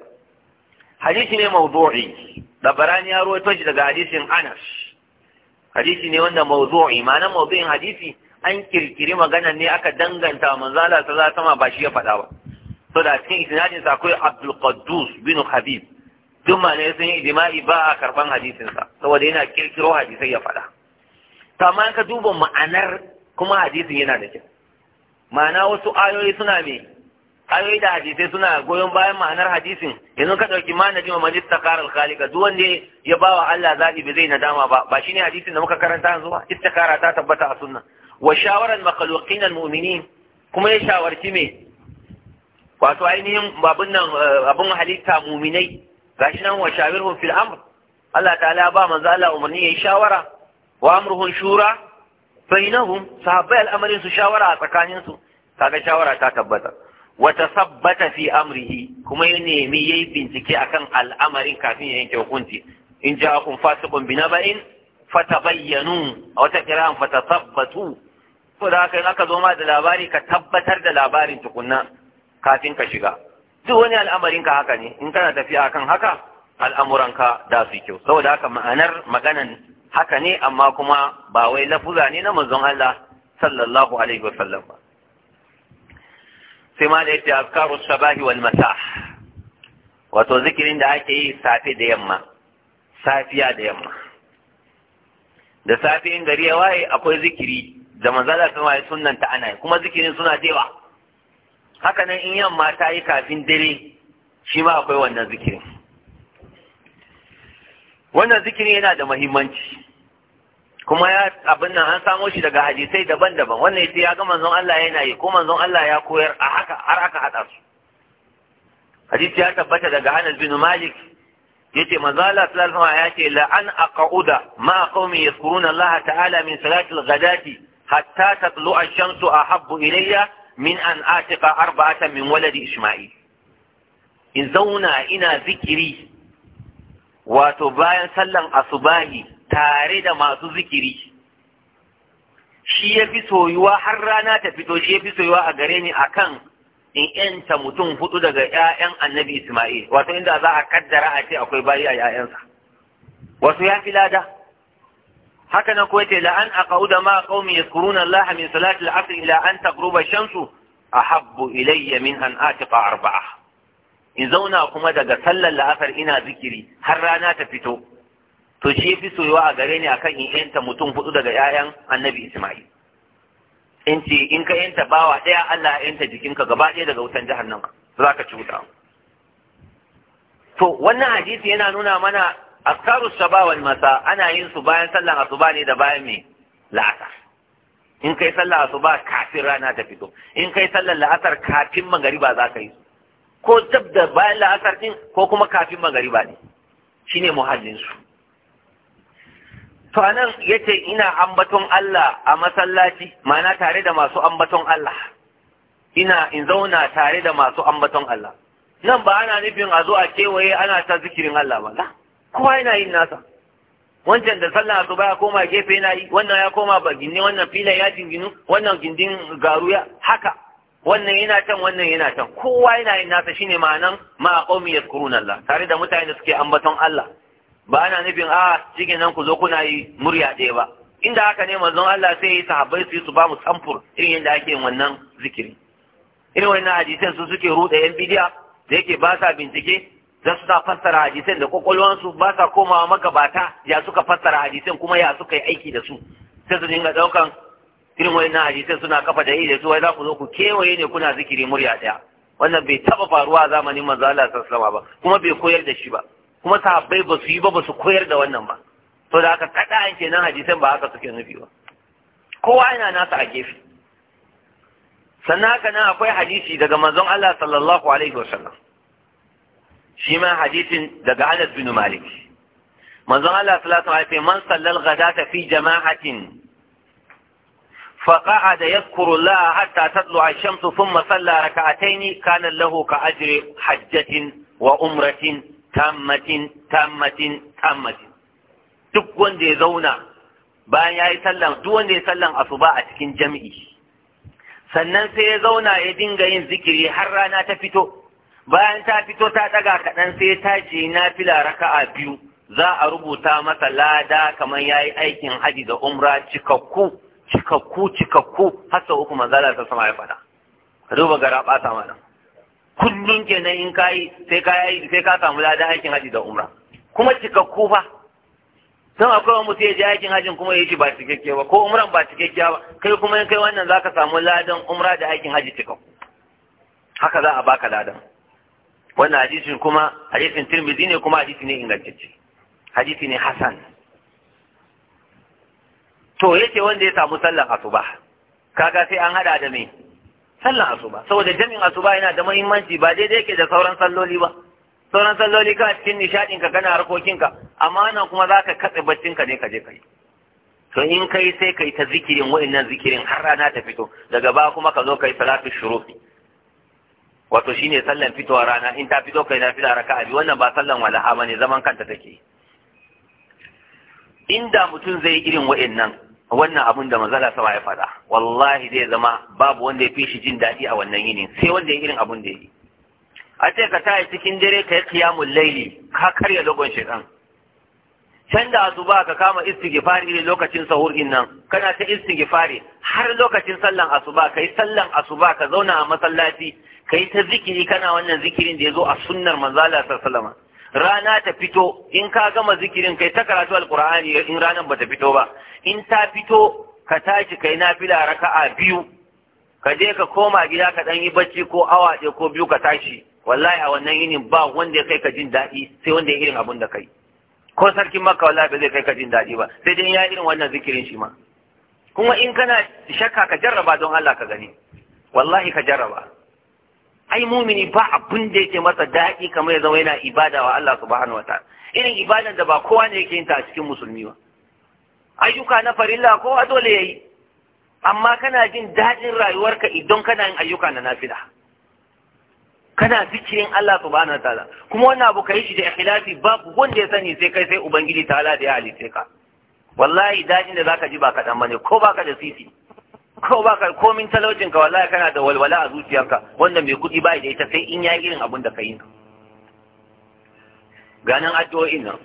hadisi ne mawdu'i dabarani ya rawaito shi daga hadisin Anas hadisi ne wanda mawdu'i ma'ana mawdu'in hadisi an kirkiri magana ne aka danganta manzo Allah sallallahu alaihi wasallam ba shi ya faɗa ba to da cikin isnadin sa akwai Abdul Qaddus bin Habib duk ma ne sun yi ijma'i ba a karban hadisin sa saboda yana kirkiro hadisai ya faɗa to amma ka duba ma'anar kuma hadisin yana da kyau ma'ana wasu ayoyi suna me ayoyi da hadisai suna goyon bayan ma'anar hadisin yanzu ka dauki ma nabi ma istakara al-khaliqa duk wanda ya bawa Allah zabi bai zai nadama ba ba shine hadisin da muka karanta yanzu ba istakara ta tabbata a sunna wa shawaran makhluqin al mu'mini, kuma ya shawarci me wato ainihin babun nan eh, abun halitta mu'minai gashi nan wa shawirhum fil amr Allah ta'ala ba manzo Allah umarni yi shawara wa murhun shura bainahum sahabbai al'amarin su shawara a tsakanin su kaga shawara ta tabbata wa tasabbata fi amrihi kuma ya nemi yayi bincike akan al'amarin kafin ya yanke hukunci in ja'akum fasiqun binaba'in fatabayyanu a wata kira'an fatasabbatu ko da haka in aka zo ma da labari ka tabbatar da labarin tukunna kafin ka shiga duk wani al'amarin ka haka ne in kana tafiya akan haka al'amuranka da su kyau saboda haka ma'anar maganar. haka ne amma kuma ba wai lafuza ne na manzon Allah sallallahu alaihi wasallam ba sai ma da yake azkaru sabahi wal masa wato zikirin da ake yi safe da yamma safiya da yamma da safe in gari ya waye akwai zikiri da manzala sun waye sunnan ta ana kuma zikirin suna cewa haka nan in yamma ta yi kafin dare shi ma akwai wannan zikirin wannan zikiri yana da muhimmanci kuma ya abin nan an samo shi daga hadisai daban-daban wannan sai ya ga manzon Allah yana yi ko manzon Allah ya koyar a haka har aka hada su hadisi ya tabbata daga Anas bin Malik yace manzon Allah sallallahu alaihi wasallam ya ce la an aqauda ma qaumi yadhkuruna Allah ta'ala min salati al-ghadati hatta tatlu ash-shamsu ahabbu ilayya min an atiqa arba'atan min waladi Isma'il in zauna ina zikiri wato bayan sallan asubahi tare da masu zikiri shi ya fi soyuwa har rana ta fito shi ya fi soyuwa a gare ni kan in yanta mutum hudu daga 'ya'yan annabi Ismail wato inda za a kaddara a ce akwai bayi a 'ya'yansa wasu ya fi lada haka nan kuwa ce la'an a aqauda ma qaumi yadhkuruna Allah min salati al ila an shansu a ahabbu ilayya min an atiqa arba'a in zauna kuma daga sallar la'asar ina zikiri har rana ta fito to shi fi soyuwa a gare ni akan in yanta mutum hudu daga 'ya'yan annabi Ismail in ce in ka yanta bawa ɗaya Allah ya yanta jikinka gaba ɗaya daga wutan jahannan za ka cuta to wannan hadisi yana nuna mana askaru shaba wal masa ana yin su bayan sallar asuba ne da bayan me la'asar in kai sallar asuba kafin rana ta fito in kai sallar la'asar kafin magariba za ka yi su. ko dab da bayan la'asar ɗin ko kuma kafin magariba ne shi ne muhallinsu. to anan ce ina ambaton Allah a masallaci ma'ana tare da masu ambaton Allah ina in zauna tare da masu ambaton Allah nan ba ana nufin a zo a kewaye ana ta zikirin Allah ba kowa yana yin nasa wancan da sallah su baya koma gefe yana yi wannan ya koma ba ginne wannan filan ya jinginu wannan gindin garu ya haka wannan yana can wannan yana can kowa yana yin nasa shine ma'anan ma qaumi yadhkuruna Allah tare da mutane da suke ambaton Allah ba ana nufin a ah, cikin nan ku zo kuna yi murya ɗaya ba inda haka ne manzon Allah sai yi sahabbai su yi su ba mu samfur irin yadda ake yin wannan zikiri irin wannan hadisan su suke ruɗa yan bidiya da yake ba sa bincike za su sa fassara hadisan da kwakwalwansu ba sa komawa magabata ya suka fassara hadisan kuma ya suka yi aiki da su sai su dinga ɗaukan irin wani na hadisai suna kafa da da su wai za ku zo ku kewaye ne kuna zikiri murya ɗaya wannan bai taɓa faruwa a zamanin manzo Allah sallallahu ba kuma bai koyar da shi ba kuma sahabbai ba su yi ba ba su koyar da wannan ba to da aka kada an kenan hadisan ba haka suke nufi ba kowa yana nasa a gefe sannan haka nan akwai hadisi daga manzon Allah sallallahu alaihi wasallam shi ma hadisin daga Anas bin Malik manzon Allah sallallahu alaihi wasallam man sallal ghadata fi jama'atin فقعد يذكر الله حتى تطلع الشمس ثم صلى ركعتين كان له كأجر حجة وأمرة تامة تامة تامة duk wanda ya zauna bayan ya yi sallan duk wanda ya sallan asuba a cikin jami'i sannan sai ya zauna ya dinga yin zikiri har rana ta fito bayan ta fito ta daga kaɗan sai ta tashi na fila raka'a biyu za a rubuta masa lada kamar ya yi aikin haji da umra cikakku cikakku cikakku har sau uku manzala ta sama ya faɗa ka duba gara bata mana kullum kenan in ka yi sai ka yi sai ka samu ladan aikin haji da umra kuma cikakku fa dan akwai wani mutum ya je aikin hajin kuma ya ba cikakke ba ko umran ba cikakke ba kai kuma in kai wannan zaka samu ladan umra da aikin haji cikakku haka za a baka ladan wannan hadisin kuma hadisin tirmidhi ne kuma hadisi ne ingantacce hadisi ne hasan to yake wanda ya samu sallan asuba kaga sai an hada da me sallan asuba saboda jami'in asuba yana da muhimmanci ba daidai yake da sauran salloli ba sauran salloli ka cikin nishadin ka kana harkokin ka amma nan kuma zaka katse baccin ka ne ka je kai to in kai sai kai ta zikirin wa'annan zikirin har rana ta fito daga ba kuma ka zo kai salatu shurufi wato shine sallan fitowa rana in ta fito kai na fila raka'a bi wannan ba sallan walaha bane zaman kanta take inda mutum zai irin wa'annan wannan abin da manzala sama ya faɗa wallahi zai zama babu wanda ya fi shi jin daɗi a wannan yinin sai wanda ya irin abin da ya yi a ce ka yi cikin dare ka yi kiyamun laili ka karya dogon shekan can da asuba ka kama irin lokacin sahur din nan kana ta Iskig-i-Fari. har lokacin sallan asuba kai sallan asuba ka zauna a masallaci kai ta zikiri kana wannan zikirin da ya zo a sunnar manzala sallallahu rana ta fito in ka gama zikirin kai ta karatu alqur'ani in ranan bata fito ba in ta fito ka tashi kai nafila raka'a biyu ka je ka koma gida ka dan yi bacci ko awa ɗaya ko biyu ka tashi wallahi a wannan yinin ba wanda ya kai ka jin daɗi sai wanda ya irin abin da kai ko sarkin makka wallahi ba zai kai ka jin daɗi ba sai dai ya irin wannan zikirin shi ma kuma in kana shakka ka jarraba don Allah ka gani wallahi ka jarraba ai mumini ba abin da yake masa daɗi kamar ya zama yana ibada wa Allah subhanahu wa ta'ala irin ibadan da ba kowa ne yake yin ta a cikin musulmi ba ayyuka na farilla kowa dole yayi amma kana jin daɗin rayuwarka idan kana yin ayyuka na nafila kana zikirin Allah subhanahu wa ta'ala kuma wannan abu kai shi da ikhlasi babu wanda ya sani sai kai sai ubangiji ta'ala da ya halice ka wallahi daɗin da zaka ji ba kaɗan bane ko baka da sisi ko ba ka komin talaucin ka wallahi kana da walwala a zuciyarka wanda mai kuɗi ba da ita sai in ya irin abun da ka yi ganin addu'o'in nan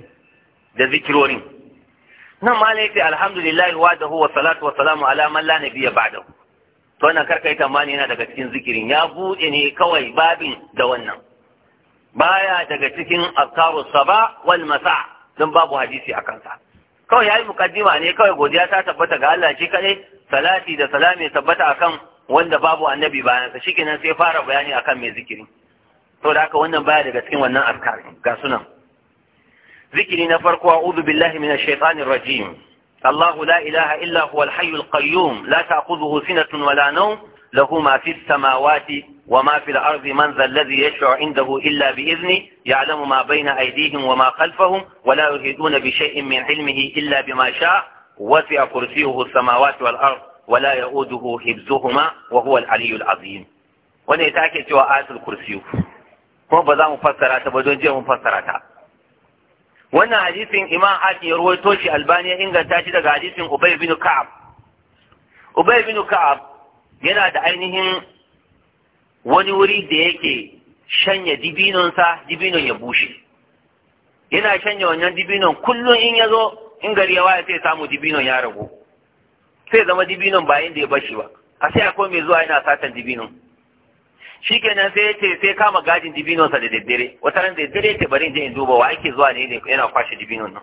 da zikirorin nan ma laifi alhamdulillah wa da huwa salatu wa salamu ala man la nabiyya ba'da to wannan karka yi tamani yana daga cikin zikirin ya buɗe ne kawai babin da wannan baya daga cikin azkaru saba wal masa don babu hadisi a kansa kawai yayi mukaddima ne kawai godiya ta tabbata ga Allah shi kadai salati da salami tabbata akan wanda babu annabi bayan sa shikenan sai fara bayani akan mai zikiri to da haka wannan baya daga cikin wannan azkar ga zikiri na farko a'udhu billahi minash shaitanir rajim Allahu la ilaha illa huwa hayyul qayyum la ta'khudhuhu sinatun wa la nawm lahu ma fis samawati wa ma fil ardi man dhal ladhi yashfa'u indahu illa bi idhni ya'lamu ma bayna aydihim wa ma khalfahum wa la yuhituna bi in min 'ilmihi illa bima sha'a وسع كرسيه السماوات والأرض ولا يؤوده حفظهما وهو العلي العظيم wanda ita ake cewa ayatul kursiyu kuma ba za mu fassara ta ba don jiya mu fassara ta wannan hadisin imam hakim ya ruwaito shi albani ya inganta shi daga hadisin ubay bin ka'ab ubay bin ka'ab yana da ainihin wani wuri da yake shanya dibinonsa dibinon ya bushe yana shanya wannan dibinon kullum in ya zo in gari ya waye sai samu dibinon ya ragu sai zama dibinon ba inda ya bashi ba a sai akwai mai zuwa yana satan dibinon shikenan sai yace sai kama gadin dibinon sa da daddare wata ran daddare ta bari je in duba wa ake zuwa ne yana kwashe dibinon nan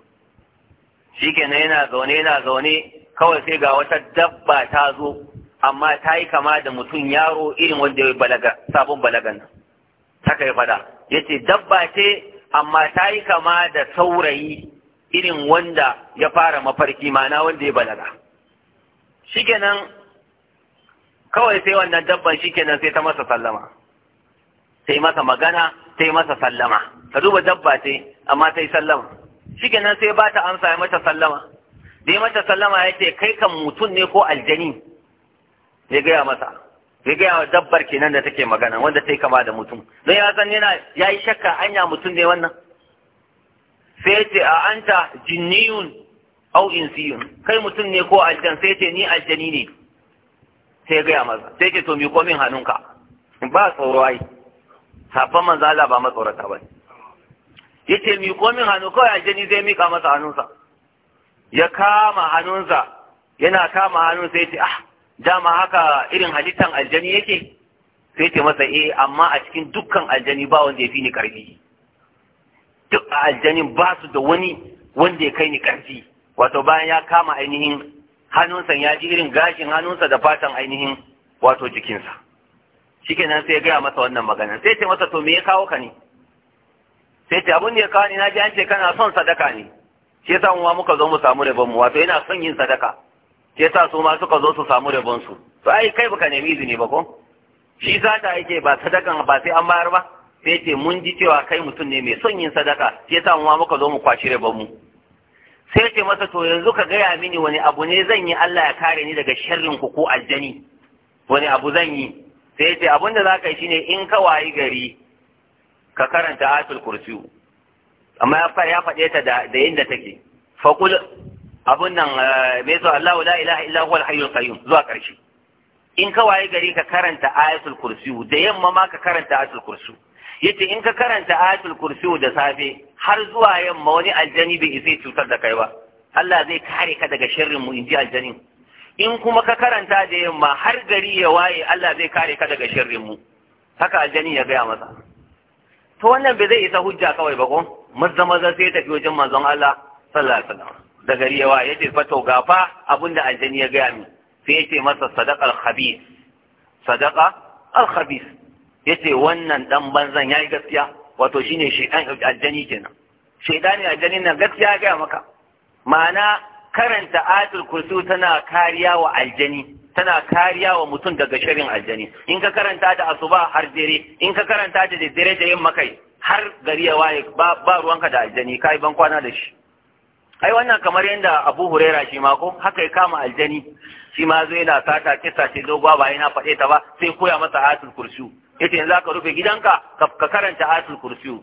shikenan yana zaune yana zaune kawai sai ga wata dabba ta zo amma ta yi kama da mutum yaro irin wanda ya balaga sabon balagan nan ta kai fada yace dabba ce amma ta yi kama da saurayi irin wanda ya fara mafarki mana wanda ya balaga shikenan kawai sai wannan dabban shikenan sai ta masa sallama sai masa magana sai masa sallama ka duba dabba ce amma ta yi sallama shikenan sai ba ta amsa ya mata sallama da ya mata sallama ya ce kai kan mutum ne ko aljani ya gaya masa ya gaya wa dabbar kenan da take magana wanda ta yi kama da mutum don ya san yana ya yi shakka anya mutum ne wannan sai ce a anta jinniyun au insiyun kai mutum ne ko aljan sai ce ni aljani ne sai gaya maza sai ce to mi komin hannunka ba tsoro ai sabon manzo Allah ba matsorata ba ce mi komin hannu kawai aljani zai mika masa hannunsa ya kama hannunsa yana kama hannun sai ce ah dama haka irin halittan aljani yake sai ce masa eh amma a cikin dukkan aljani ba wanda ya fi ni karfi duk a aljanin ba su da wani wanda ya kai ni ƙarfi wato bayan ya kama ainihin hannunsa ya ji irin gashin hannunsa da fatan ainihin wato jikinsa shikenan sai ya gaya masa wannan magana sai ce masa to me ya kawo ka ne sai ce abin da ya kawo ni na ji an ce kana son sadaka ne shi yasa mu muka zo mu samu rabon mu wato yana son yin sadaka shi yasa su ma suka zo su samu rabon su to ai kai baka nemi izini ba ko shi sata yake ba sadakan ba sai an bayar ba sai ce mun ji cewa kai mutum ne mai son yin sadaka sai yasa mu muka zo mu kwashi rabon mu sai ce masa to yanzu ka gaya mini wani abu ne zan yi Allah ya kare ni daga sharrin ku ko aljani wani abu zan yi sai ce abin da za ka yi shine in ka wayi gari ka karanta ayatul kursi amma ya fara ya faɗe ta da da inda take faqul abun nan eh, me yasa Allahu la ilaha illa huwa al-hayyul qayyum zuwa ƙarshe in ka wayi gari ka karanta ayatul kursi da yamma ma ka karanta ayatul kursi. yace in ka karanta ayatul kursi da safe har zuwa yamma wani aljani bai isa cutar da kai ba Allah zai kare ka daga sharrin mu inji aljanin in kuma ka karanta da yamma har gari ya waye Allah zai kare ka daga sharrin mu haka aljani ya gaya masa to wannan bai zai isa hujja kawai ba ko mazza maza sai tafi wajen manzon Allah sallallahu alaihi wasallam da gari ya waye yace fato gafa abinda aljani ya gaya min sai yace masa sadaqal al-khabith sadaqa al-khabith yace wannan dan banzan yayi gaskiya wato shine shedan aljani kenan shedani aljani na gaskiya ga maka ma'ana karanta ayatul kursu tana kariya wa aljani tana kariya wa mutum daga shirin aljani in ka karanta da asuba har dare in ka karanta da dare da yamma kai har gari ya waye ba ruwanka da aljani kai ban kwana da shi ai wannan kamar yadda Abu Huraira shi ma ko haka ya kama aljani shi ma zai na sata kisa ce dogwa ba yana faɗe ta ba sai koya masa ayatul kursu yace yanzu aka rufe gidanka ka karanta ayatul kursi.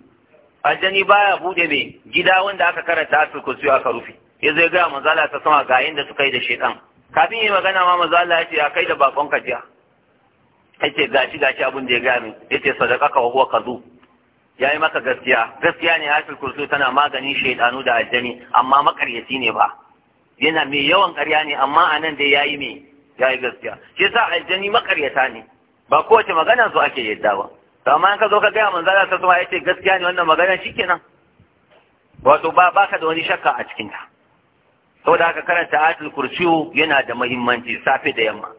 aljani baya bude mai gida wanda aka karanta ayatul kursi aka rufe yazo ya ga manzala ta sama ga yanda suka yi da shedan kafin yi magana ma manzala yace ya kai da bakon ka jiya yace gashi gashi abin da ya ga min yace ka wa ka zu yayi maka gaskiya gaskiya ne ayatul kursi tana maganin shedanu da aljani amma makaryaci ne ba yana mai yawan ƙarya ne amma anan dai yayi me yayi gaskiya shi yasa aljani makaryata ne ba kowace maganar su ake yadda ba to amma in ka zo ka gaya manzala ta ya ce gaskiya ne wannan magana shikenan wato ba ka da wani shakka a cikin ta saboda haka karanta ayatul kursiyu yana da mahimmanci safe da yamma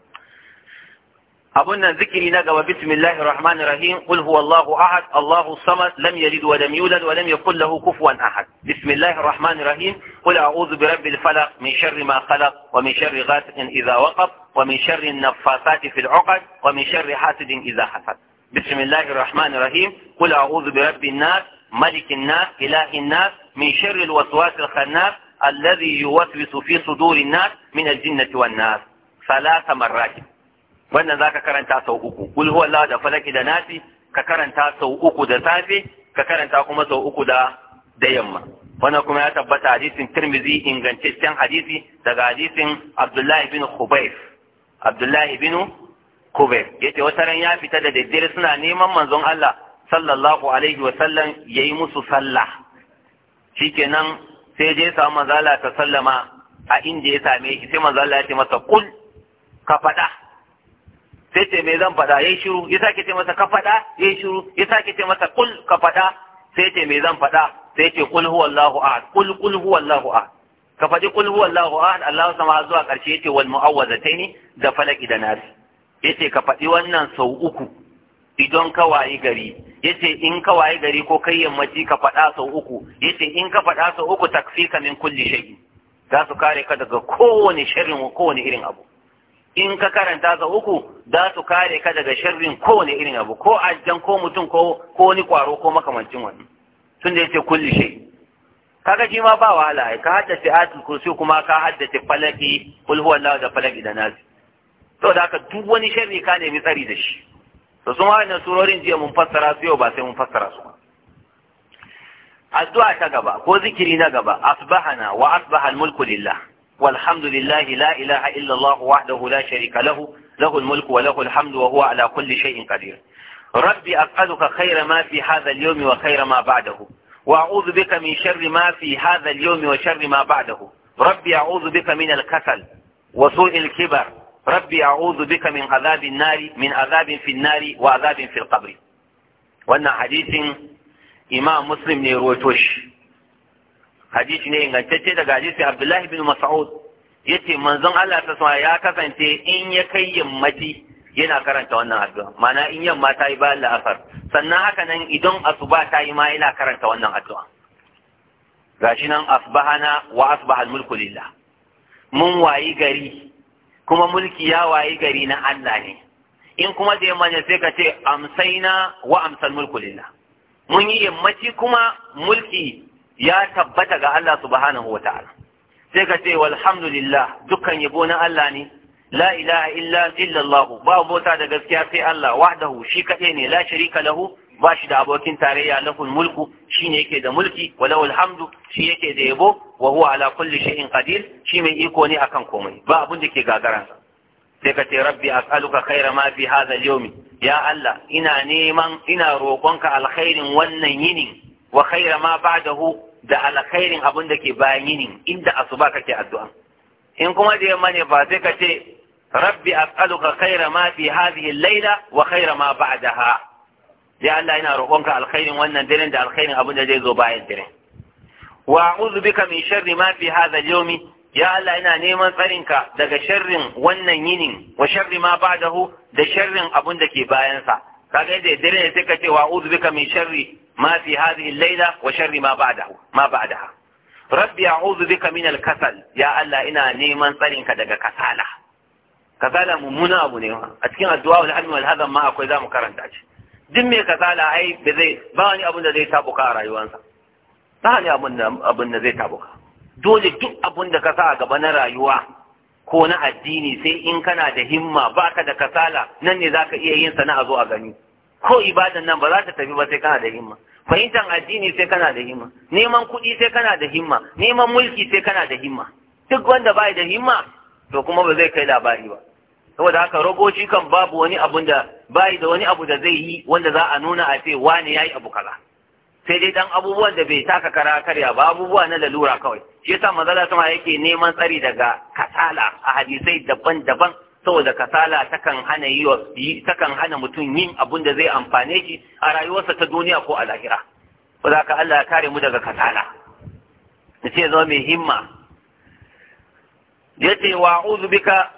أبونا ذكري نقوى بسم الله الرحمن الرحيم قل هو الله أحد الله الصمد لم يلد ولم يولد ولم يقل له كفوا أحد بسم الله الرحمن الرحيم قل أعوذ برب الفلق من شر ما خلق ومن شر غاسق إذا وقف ومن شر النفاثات في العقد ومن شر حاسد إذا حسد بسم الله الرحمن الرحيم قل أعوذ برب الناس ملك الناس إله الناس من شر الوسواس الخناس الذي يوسوس في صدور الناس من الجنة والناس ثلاث مرات wannan zaka karanta sau uku kul allah da falaki da nasi ka karanta sau uku da safe ka karanta kuma sau uku da da yamma wannan kuma ya tabbata hadisin Tirmidhi ingantaccen hadisi daga hadisin Abdullahi bin Khubayf Abdullahi bin Khubayf yace wata ran ya fita da daddare suna neman manzon Allah sallallahu alaihi wa sallam yayi musu sallah shikenan sai je samu manzala ta sallama a inda ya same shi sai manzala ya ce masa kul ka faɗa sai ce me zan faɗa yayi shiru ya sake ce masa ka faɗa yayi shiru ya sake ce masa kul ka faɗa sai ce me zan faɗa sai ce kul huwallahu ahad kul kul huwallahu ahad ka faɗi kul huwallahu ahad Allah sama zuwa ƙarshe yace wal mu'awwazataini da falaki da nas yace ka faɗi wannan sau uku idan ka wayi gari yace in ka wayi gari ko kai yammaci ka faɗa sau uku yace in ka faɗa sau uku takfika min kulli shay'in za su kare ka daga kowane shirin kowane irin abu in ka karanta ka uku za su kare ka daga sharrin kowane irin abu ko aljan ko mutum ko ko wani kwaro ko makamancin wani tun da yace kulli shay kaga shi ma ba wahala ka haddace atul kursi kuma ka haddace falaki kul huwallahu da falaki da nasi to da haka duk wani sharri ka nemi tsari da shi to sun surorin jiya mun fassara su yau ba sai mun fassara su ba addu'a ta gaba ko zikiri na gaba asbahana wa asbaha al-mulku lillah والحمد لله لا إله إلا الله وحده لا شريك له له الملك وله الحمد وهو على كل شيء قدير ربي أقلك خير ما في هذا اليوم وخير ما بعده وأعوذ بك من شر ما في هذا اليوم وشر ما بعده ربي أعوذ بك من الكسل وسوء الكبر ربي أعوذ بك من عذاب النار من عذاب في النار وعذاب في القبر وأن حديث إمام مسلم نيروتوش hadisi ne ingantacce daga hadisi Abdullahi bin Mas'ud yace manzon Allah ta sama ya kasance in ya kai yammaci yana karanta wannan addu'a mana in yamma ta yi bayan la'asar sannan haka nan idan asuba ta yi ma yana karanta wannan addu'a gashi nan asbahana wa asbahal mulku lillah mun wayi gari kuma mulki ya wayi gari na Allah ne in kuma da yamma ne sai ka ce amsaina wa amsal mulku lillah mun yi yammaci kuma mulki ya tabbata ga Allah subhanahu wataala sai ka ce walhamdulillah dukkan yabo na Allah ne la ilaha illa illallah ba bota da gaskiya sai Allah wahdahu shi kaɗai ne la sharika lahu ba shi da abokin tarayya lahul mulku shi ne yake da mulki wa lahul shi yake da yabo wa huwa ala kulli shay'in qadir shi mai iko ne akan komai ba abun da ke gagaran sai ka ce rabbi as'aluka khayra ma fi hadha al-yawmi ya Allah ina neman ina roƙonka alkhairin wannan yinin wa khayra ma ba'dahu da alkhairin abin da ke bayan yinin inda asuba kake addu'a in kuma da yamma ne ba sai ka ce rabbi as'aluka khaira ma fi hadhihi al-laila wa khaira ma ba'daha ya Allah ina roƙonka alkhairin wannan dare da alkhairin abin da zai zo bayan dare wa a'udhu bika min sharri ma fi hadha al-yawmi ya Allah ina neman tsarinka daga sharrin wannan yinin wa sharri ma ba'dahu da sharrin abin da ke bayansa kaga yadda dare ne sai ka ce wa a'udhu bika min sharri ما في هذه الليلة وشر ما بعده ما بعدها ربي أعوذ بك من الكسل يا الله إنا نيمان صارينك دقا كسالة كسالة ممنا أبو نيمان أتكين الدعاء والهم والهذا ما أكو إذا مكرن تاج دمي كسالة أي بذي باني أبو نزي تابوك أرى يوانسا باني أبو نزي تابوك dole duk abun da ka sa a gaba na rayuwa ko na addini sai in kana da himma baka da kasala nan ne zaka iya yin sana'a zo a gani ko ibadan nan ba za ta tafi ba sai kana da himma fahimtar addini sai kana da himma neman kuɗi sai kana da himma neman mulki sai kana da himma duk wanda bai da himma to kuma ba zai kai labari ba saboda haka rogoci kan babu wani abu da bai da wani abu da zai yi wanda za a nuna a ce wani yi abu kaza sai dai dan abubuwan da bai taka kara karya ba abubuwa na lalura kawai shi yasa manzala sama yake neman tsari daga kasala a hadisai daban-daban saboda kasala takan hana yi takan hana mutum yin abun da zai amfane shi a rayuwarsa ta duniya ko a lahira ko ka Allah ya kare mu daga kasala da ce zama mai himma ya ce wa uzu bika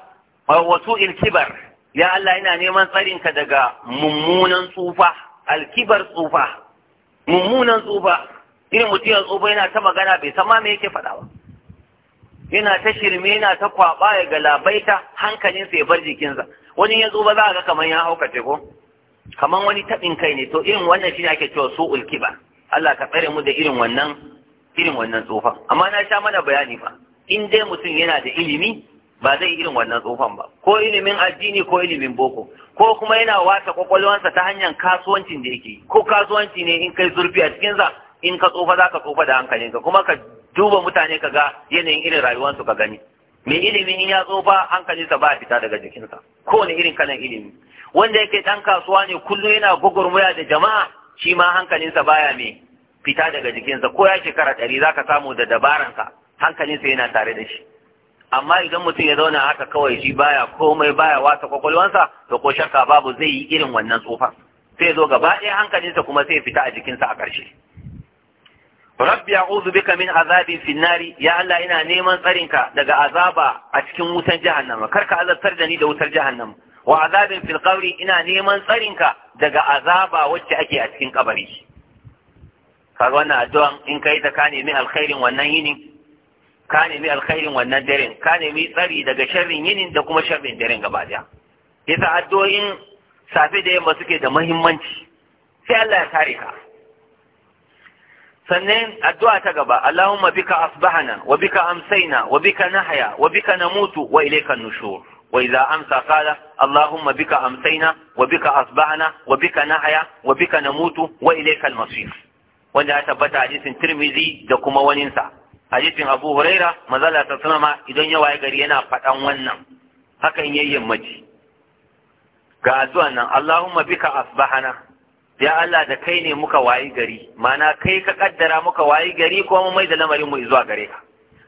wa wasu ilkibar ya Allah yana neman tsarinka daga mummunan tsufa alkibar tsufa mummunan tsufa irin mutum ya tsufa yana ta magana bai san ma me yake faɗa ba yana ta shirme yana ta kwaba ya galabaita hankalinsa ya bar jikinsa wani ya ba za a ga kamar ya haukace ko kamar wani taɓin kai ne to irin wannan shi ne ake cewa ulki ba. Allah ka tsare mu da irin wannan irin wannan tsofan amma na sha mana bayani fa in dai mutum yana da ilimi ba zai yi irin wannan tsofan ba ko ilimin addini ko ilimin boko ko kuma yana wata kwakwalwansa ta hanyar kasuwancin da yake ko kasuwanci ne in kai zurfi a cikinsa in ka tsofa za ka tsofa da hankalinka kuma ka duba mutane ka ga yanayin irin rayuwarsu ka gani mai ilimin in ya zo ba hankalinsa ba fita daga jikinsa kowane irin kalan ilimi wanda yake dan kasuwa ne kullum yana gwagwarmaya da jama'a shi ma hankalinsa baya mai fita daga jikinsa ko ya shekara ɗari zaka samu da dabaransa hankalinsa yana tare da shi amma idan mutum ya zauna haka kawai shi baya komai baya wasa kwakwalwansa to ko shakka babu zai yi irin wannan tsufa sai zo gaba ɗaya hankalinsa kuma sai fita a jikinsa a ƙarshe rabbi a'udhu bika min azabin finnari ya Allah ina neman tsarinka daga azaba a cikin wutan jahannama Karka ka azabtar da ni da wutar jahannama wa azabin fil ina neman tsarinka daga azaba wacce ake a cikin kabari kaga wannan addu'a in kai ta ka nemi alkhairin wannan yinin ka nemi alkhairin wannan daren ka nemi tsari daga sharrin yinin da kuma sharrin daren gaba daya yasa addu'o'in safe da yamma suke da muhimmanci sai Allah ya kare ka sannan addu'a ta gaba Allahumma bika asbahana wa bika amsaina wa bika nahya wa bika namutu wa ilayka nushur wa idza amsa qala Allahumma bika amsaina wa bika asbahana wa bika nahya wa bika namutu wa ilayka al-masir wanda ya tabbata hadisin Tirmidhi da kuma waninsa hadisin Abu Huraira manzala ta sunama idan ya waye gari yana faɗan wannan hakan yayyin maji ga addu'an nan Allahumma bika asbahana ya Allah da kai ne muka wayi gari mana kai ka kaddara muka wayi gari kuma mun mai da lamarin mu zuwa gare ka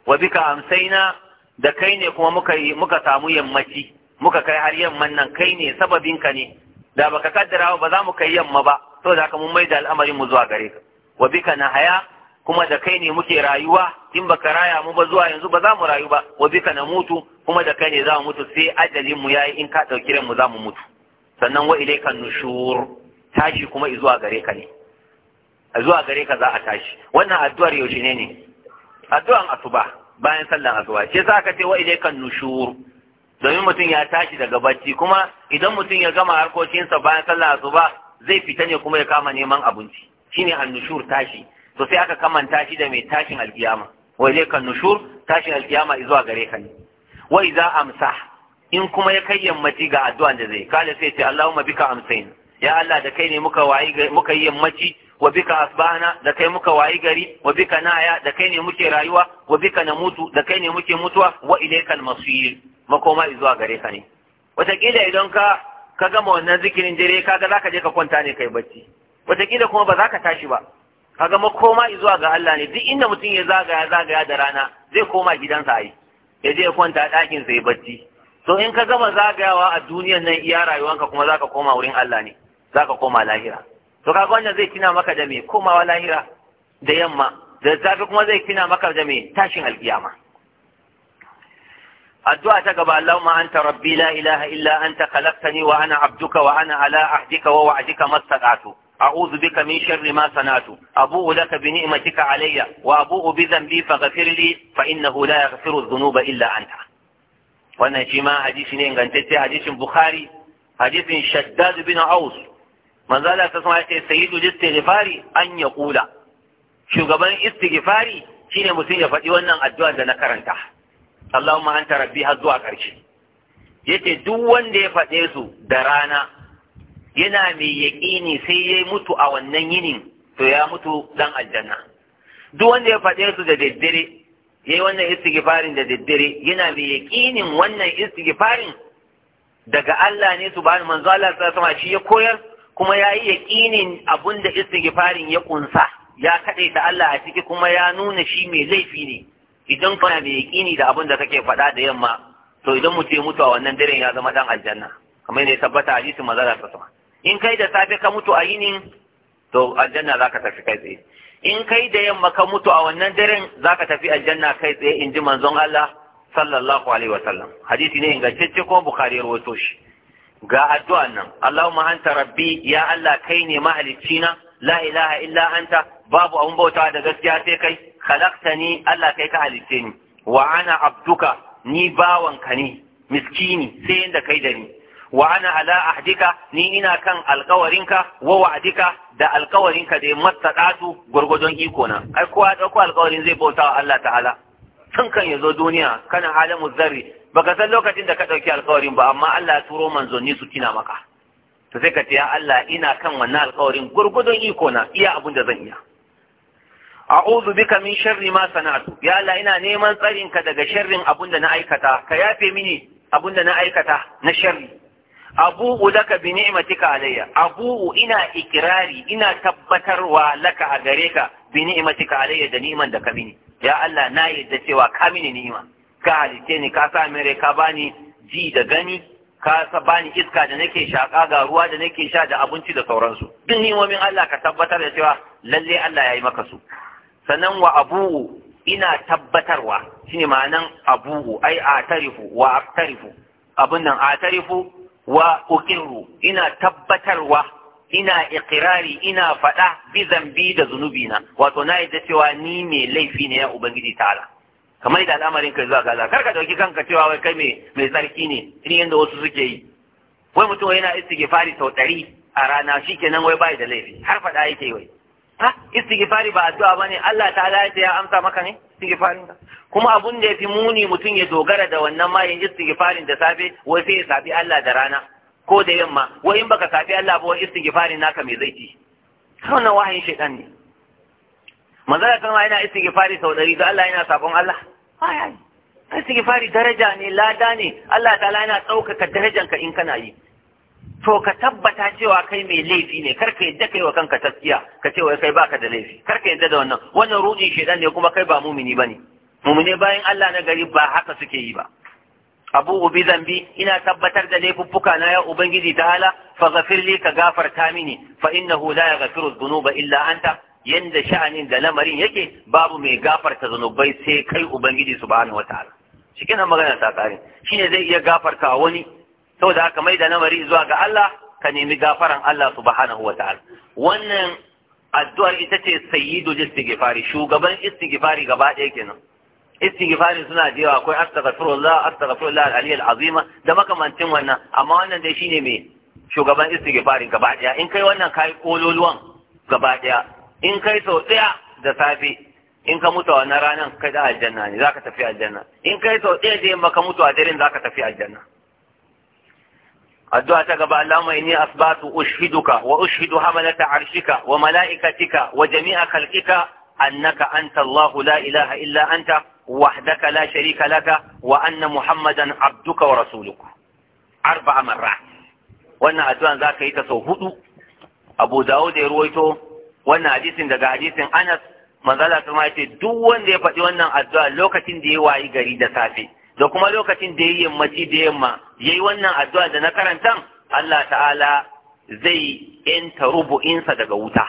wa bika amsaina da kai ne kuma muka muka samu yammaci muka kai har yamman nan kai ne sababin ka ne da baka kaddara ba za mu kai yamma ba to da ka mun mai da al'amarin mu zuwa gare ka wa bika nahaya kuma da kai ne muke rayuwa in baka raya mu ba zuwa yanzu ba za mu rayu ba wa bika na mutu kuma da kai ne za mu mutu sai ajalin mu yayi in ka dauki mu za mu mutu sannan wa ilayka nushur tashi kuma izuwa gare ka ne zuwa gare ka za a tashi wannan addu'ar yaushe ne ne addu'an asuba bayan sallan asuba ce za ka ce wa kan nushur domin mutum ya tashi daga bacci kuma idan mutum ya gama harkokinsa bayan sallan asuba zai fita ne kuma ya kama neman abinci shine annushur tashi to sai aka kamanta shi da mai tashin alkiyama wa ilai kan nushur tashin alkiyama zuwa gare ka ne wa idza amsa in kuma ya kai yammaci ga addu'an da zai kala sai ce Allahumma bika amsayna ya Allah da kai ne muka wayi muka yi yammaci wa bika asbana, da kai muka wayi gari wa bika naya da kai ne muke rayuwa wa bika namutu da kai ne muke mutuwa wa ilaikal masir makoma zuwa gare ka ne wataƙila idan ka ka gama wannan zikirin dare ga zaka je ka kwanta ne kai bacci wataƙila kuma ba za ka tashi ba Ka gama makoma zuwa ga Allah ne duk inda mutum ya zagaya zagaya da rana zai koma gidansa ai ya je ya kwanta a dakin ya bacci to in ka gama zagayawa a duniyar nan iya rayuwanka kuma zaka koma wurin Allah ne za ka koma lahira to kaga wannan zai tina maka da me komawa lahira da yamma da zafi kuma zai tina maka da me tashin alkiyama addu'a ta gaba Allahumma anta rabbi la ilaha illa anta khalaqtani wa ana abduka wa ana ala ahdika wa wa'dika mastata'tu أعوذ بك من شر ما صنعت أبوء لك بنعمتك علي وأبوء بذنبي فغفر لي فإنه لا يغفر الذنوب إلا أنت wannan shi ma hadisi ne ingantacce hadisin bukhari hadisin shaddad bin aus manzo Allah ta sama ce sayyidu istighfari an ya kula shugaban istighfari shine mutum ya faɗi wannan addu'a da na karanta Allahumma anta rabbi har zuwa ƙarshe yace duk wanda ya faɗe su da rana yana mai yaƙini sai ya mutu a wannan yinin to ya mutu dan aljanna duk wanda ya faɗe su da daddare yayi wannan istighfarin da daddare yana mai yaƙinin wannan istighfarin daga Allah ne subhanahu wa ta'ala sai shi ya koyar kuma ya yi yaƙinin abin da istighfarin ya ƙunsa ya kaɗai da Allah a ciki kuma ya nuna shi mai laifi ne idan kana mai yaƙini da abin da kake faɗa da yamma to idan mutum ya mutu a wannan daren ya zama dan aljanna kamar yadda ya tabbata a hadisin manzara ta sama in kai da safe ka mutu a yinin to aljanna za ka tafi kai tsaye in kai da yamma ka mutu a wannan daren za ka tafi aljanna kai tsaye in ji manzon Allah sallallahu alaihi wasallam hadisi ne ingantacce ko bukhari ya rawaito shi ga addu'an nan Allahumma anta rabbi ya Allah kai ne mahalicina la ilaha illa anta babu abun bautawa da gaskiya sai kai khalaqtani Allah kai ka halice ni wa ana abduka ni bawanka ne miskini sai yadda kai da ni wa ana ala ahdika ni ina kan alkawarinka wa wa'dika da alkawarinka da ya mastaɗatu gwargwadon iko na ai kowa ɗauko alkawarin zai bauta Allah ta'ala tun kan ya zo duniya kana alamu zarri baka san lokacin da ka ɗauki alkawarin ba amma Allah ya turo manzanni su tina maka to sai ka ce ya Allah ina kan wannan alkawarin gurgudun iko na iya abin da zan iya a'udhu bika min sharri ma sana'tu ya Allah ina neman tsarin ka daga sharrin abin da na aikata ka yafe mini abin da na aikata na sharri abu'u laka bi ni'matika alayya abu'u ina ikirari ina tabbatarwa laka a gare ka bi ni'matika alayya da ni'iman da ka mini ya Allah na yadda cewa ka mini ni'ima ka halitte ni ka sa mere ka bani ji da gani ka sa bani iska da nake shaka ga ruwa da nake sha da abinci da sauransu duk wamin Allah ka tabbatar da cewa lalle Allah yayi maka su sanan wa abu ina tabbatarwa shine ma'anan abu ai atarifu wa aktarifu abin nan atarifu wa uqirru ina tabbatarwa ina ikirari ina faɗa bi zambi da zunubina wato na yadda cewa ni mai laifi ne ya ubangiji ta'ala kamar da al'amarin ka zuwa Gaza, kar ka dauki kanka cewa wai kai me mai tsarki ne in yanda wasu suke yi wai mutum yana istighfari sau ɗari a rana shikenan wai bai da laifi har faɗa yake wai ha istighfari ba addu'a bane Allah ta ta'ala ya amsa maka ne istighfarin ka kuma abun da yafi muni mutum ya dogara da wannan ma yin istighfarin da safe wai sai ya safi Allah da rana ko da yamma wai in baka sabi Allah ba wai istighfarin naka me zai ci wannan wahayin shaitan ne manzala kama yana istighfari sau ɗari don Allah yana sabon Allah istighfari daraja ne lada ne Allah ta'ala yana ɗaukaka darajanka in kana yi to ka tabbata cewa kai mai laifi ne kar ka yadda kai wa kanka taskiya ka ce wai kai baka da laifi kar ka yadda da wannan wannan ruɗin shedan ne kuma kai ba mumini bane mumine bayan Allah na gari ba haka suke yi ba abu ubi zambi ina tabbatar da laifuffuka na ya ubangiji ta hala fa ghafirli ka gafarta mini fa innahu la yaghfiru dhunuba illa anta yanda sha'anin da lamarin yake babu mai gafarta zunubai sai kai ubangiji subhanahu wataala cikin nan magana ta Shi shine zai iya gafarta wani saboda haka mai da lamari zuwa ga Allah ka nemi gafaran Allah subhanahu ta'ala wannan addu'ar ita ce Sayyidu istighfari shugaban istighfari gaba ɗaya kenan istighfari suna da yawa akwai astaghfirullah astaghfirullah al al azima da makamancin wannan amma wannan dai shine mai shugaban istighfari gaba ɗaya. in kai wannan kai kololuwan gaba ɗaya. in kai sau ɗaya da safe in ka mutu a wannan ranar kai da aljanna ne za ka tafi aljanna in kai sau ɗaya da yamma ka mutu a daren za ka tafi aljanna addu'a ta gaba Allahumma inni asbatu ushhiduka wa ushhidu hamalata arshika wa mala'ikatika wa jami'a khalqika annaka anta Allah la ilaha illa anta wahdaka la sharika laka wa anna muhammadan abduka wa rasuluka arba'a marrat wannan addu'an za ka yi ta sau hudu Abu Dawud ya ruwaito wannan hadisin daga hadisin Anas manzala kuma yace duk wanda ya faɗi wannan addu'a lokacin da ya wayi gari da safe da kuma lokacin da ya yammaci da yamma yayi wannan addu'a da na karantan Allah ta'ala zai yanta rubu'insa daga wuta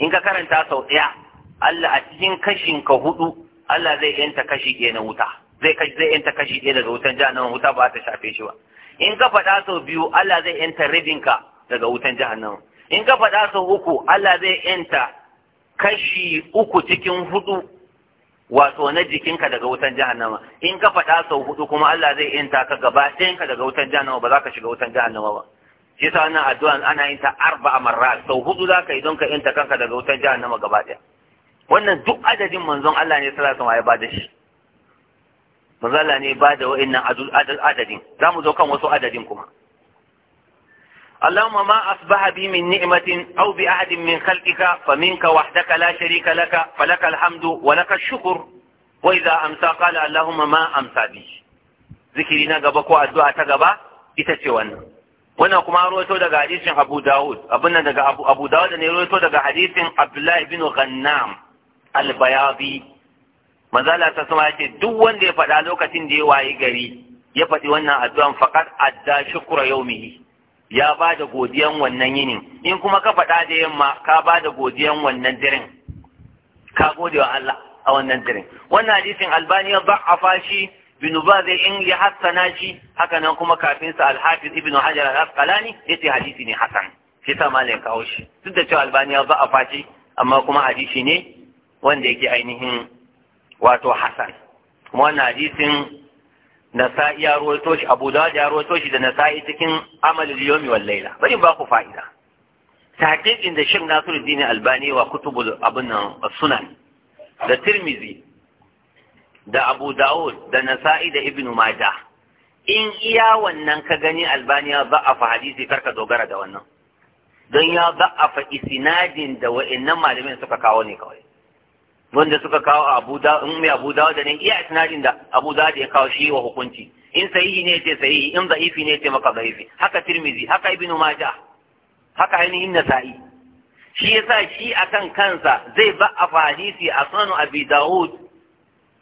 in ka karanta sau ɗaya Allah a cikin kashin ka hudu Allah zai yanta kashi ɗaya na wuta zai zai yanta kashi ɗaya daga wutan jahannama wuta ba ta shafe shi ba in ka faɗa sau biyu Allah zai yanta ka daga wutan jahannama in ka faɗa sau uku Allah zai yanta kashi uku cikin hudu wato na jikinka daga wutan jahannama in ka faɗa sau hudu kuma Allah zai yanta ka gaba ɗayanka daga wutan jahannama ba za ka shiga wutan jahannama ba shi yasa wannan addu'a ana yin ta a marra sau hudu za ka yi don ka yanta kanka daga wutan jahannama gaba ɗaya wannan duk adadin manzon Allah ne sallallahu alaihi wasallam ya bada shi manzon Allah ne bada da wa'annan adadin za mu zo kan wasu adadin kuma اللهم ما أصبح بي من نعمة أو بأحد من خلقك فمنك وحدك لا شريك لك فلك الحمد ولك الشكر وإذا أمسى قال اللهم ما أمسى بي ذكرنا قبك وأدعى تقبى إتتوانا wannan kuma rawaito daga hadisin Abu Dawud abin nan Abu Abu Dawud ne rawaito daga hadisin Abdullah ibn Ghannam al-Bayadi sama yace duk wanda ya faɗa lokacin da ya wayi gari ya faɗi wannan addu'an faqad adda shukra yawmihi ya ba da godiyan wannan yinin in kuma ka faɗa da yamma ka ba da godiyan wannan dirin ka gode wa Allah a wannan dirin wannan hadisin albani ya fashi shi bin baz in ya hassana shi haka nan kuma kafin sa al-hafiz ibn hajar al-asqalani yace hadisi ne hasan shi sa malai kawo shi duk da cewa albani ya a fashi amma kuma hadisi ne wanda yake ainihin wato hasan kuma wannan hadisin nasa'i ya ruwaito shi abu da ya ruwaito shi da nasa'i cikin amalul yawmi wal layla bari ba ku fa'ida tahqiqin da shin Nasiruddin Albani wa kutubul abun nan sunan da Tirmizi da Abu daud da Nasa'i da Ibnu Majah in iya wannan ka gani Albani ya za'afa hadisi karka dogara da wannan don ya fa isnadin da wa'annan malamin suka kawo ne kawai wanda suka kawo abu da in mai abu da ne iya isnadin da abu da ya kawo shi wa hukunci in sahihi ne ce sahihi in da'ifi ne ce maka da'ifi haka tirmizi haka ibnu majah haka ainihin nasa'i shi yasa shi akan kansa zai ba a hadisi a sanu abi daud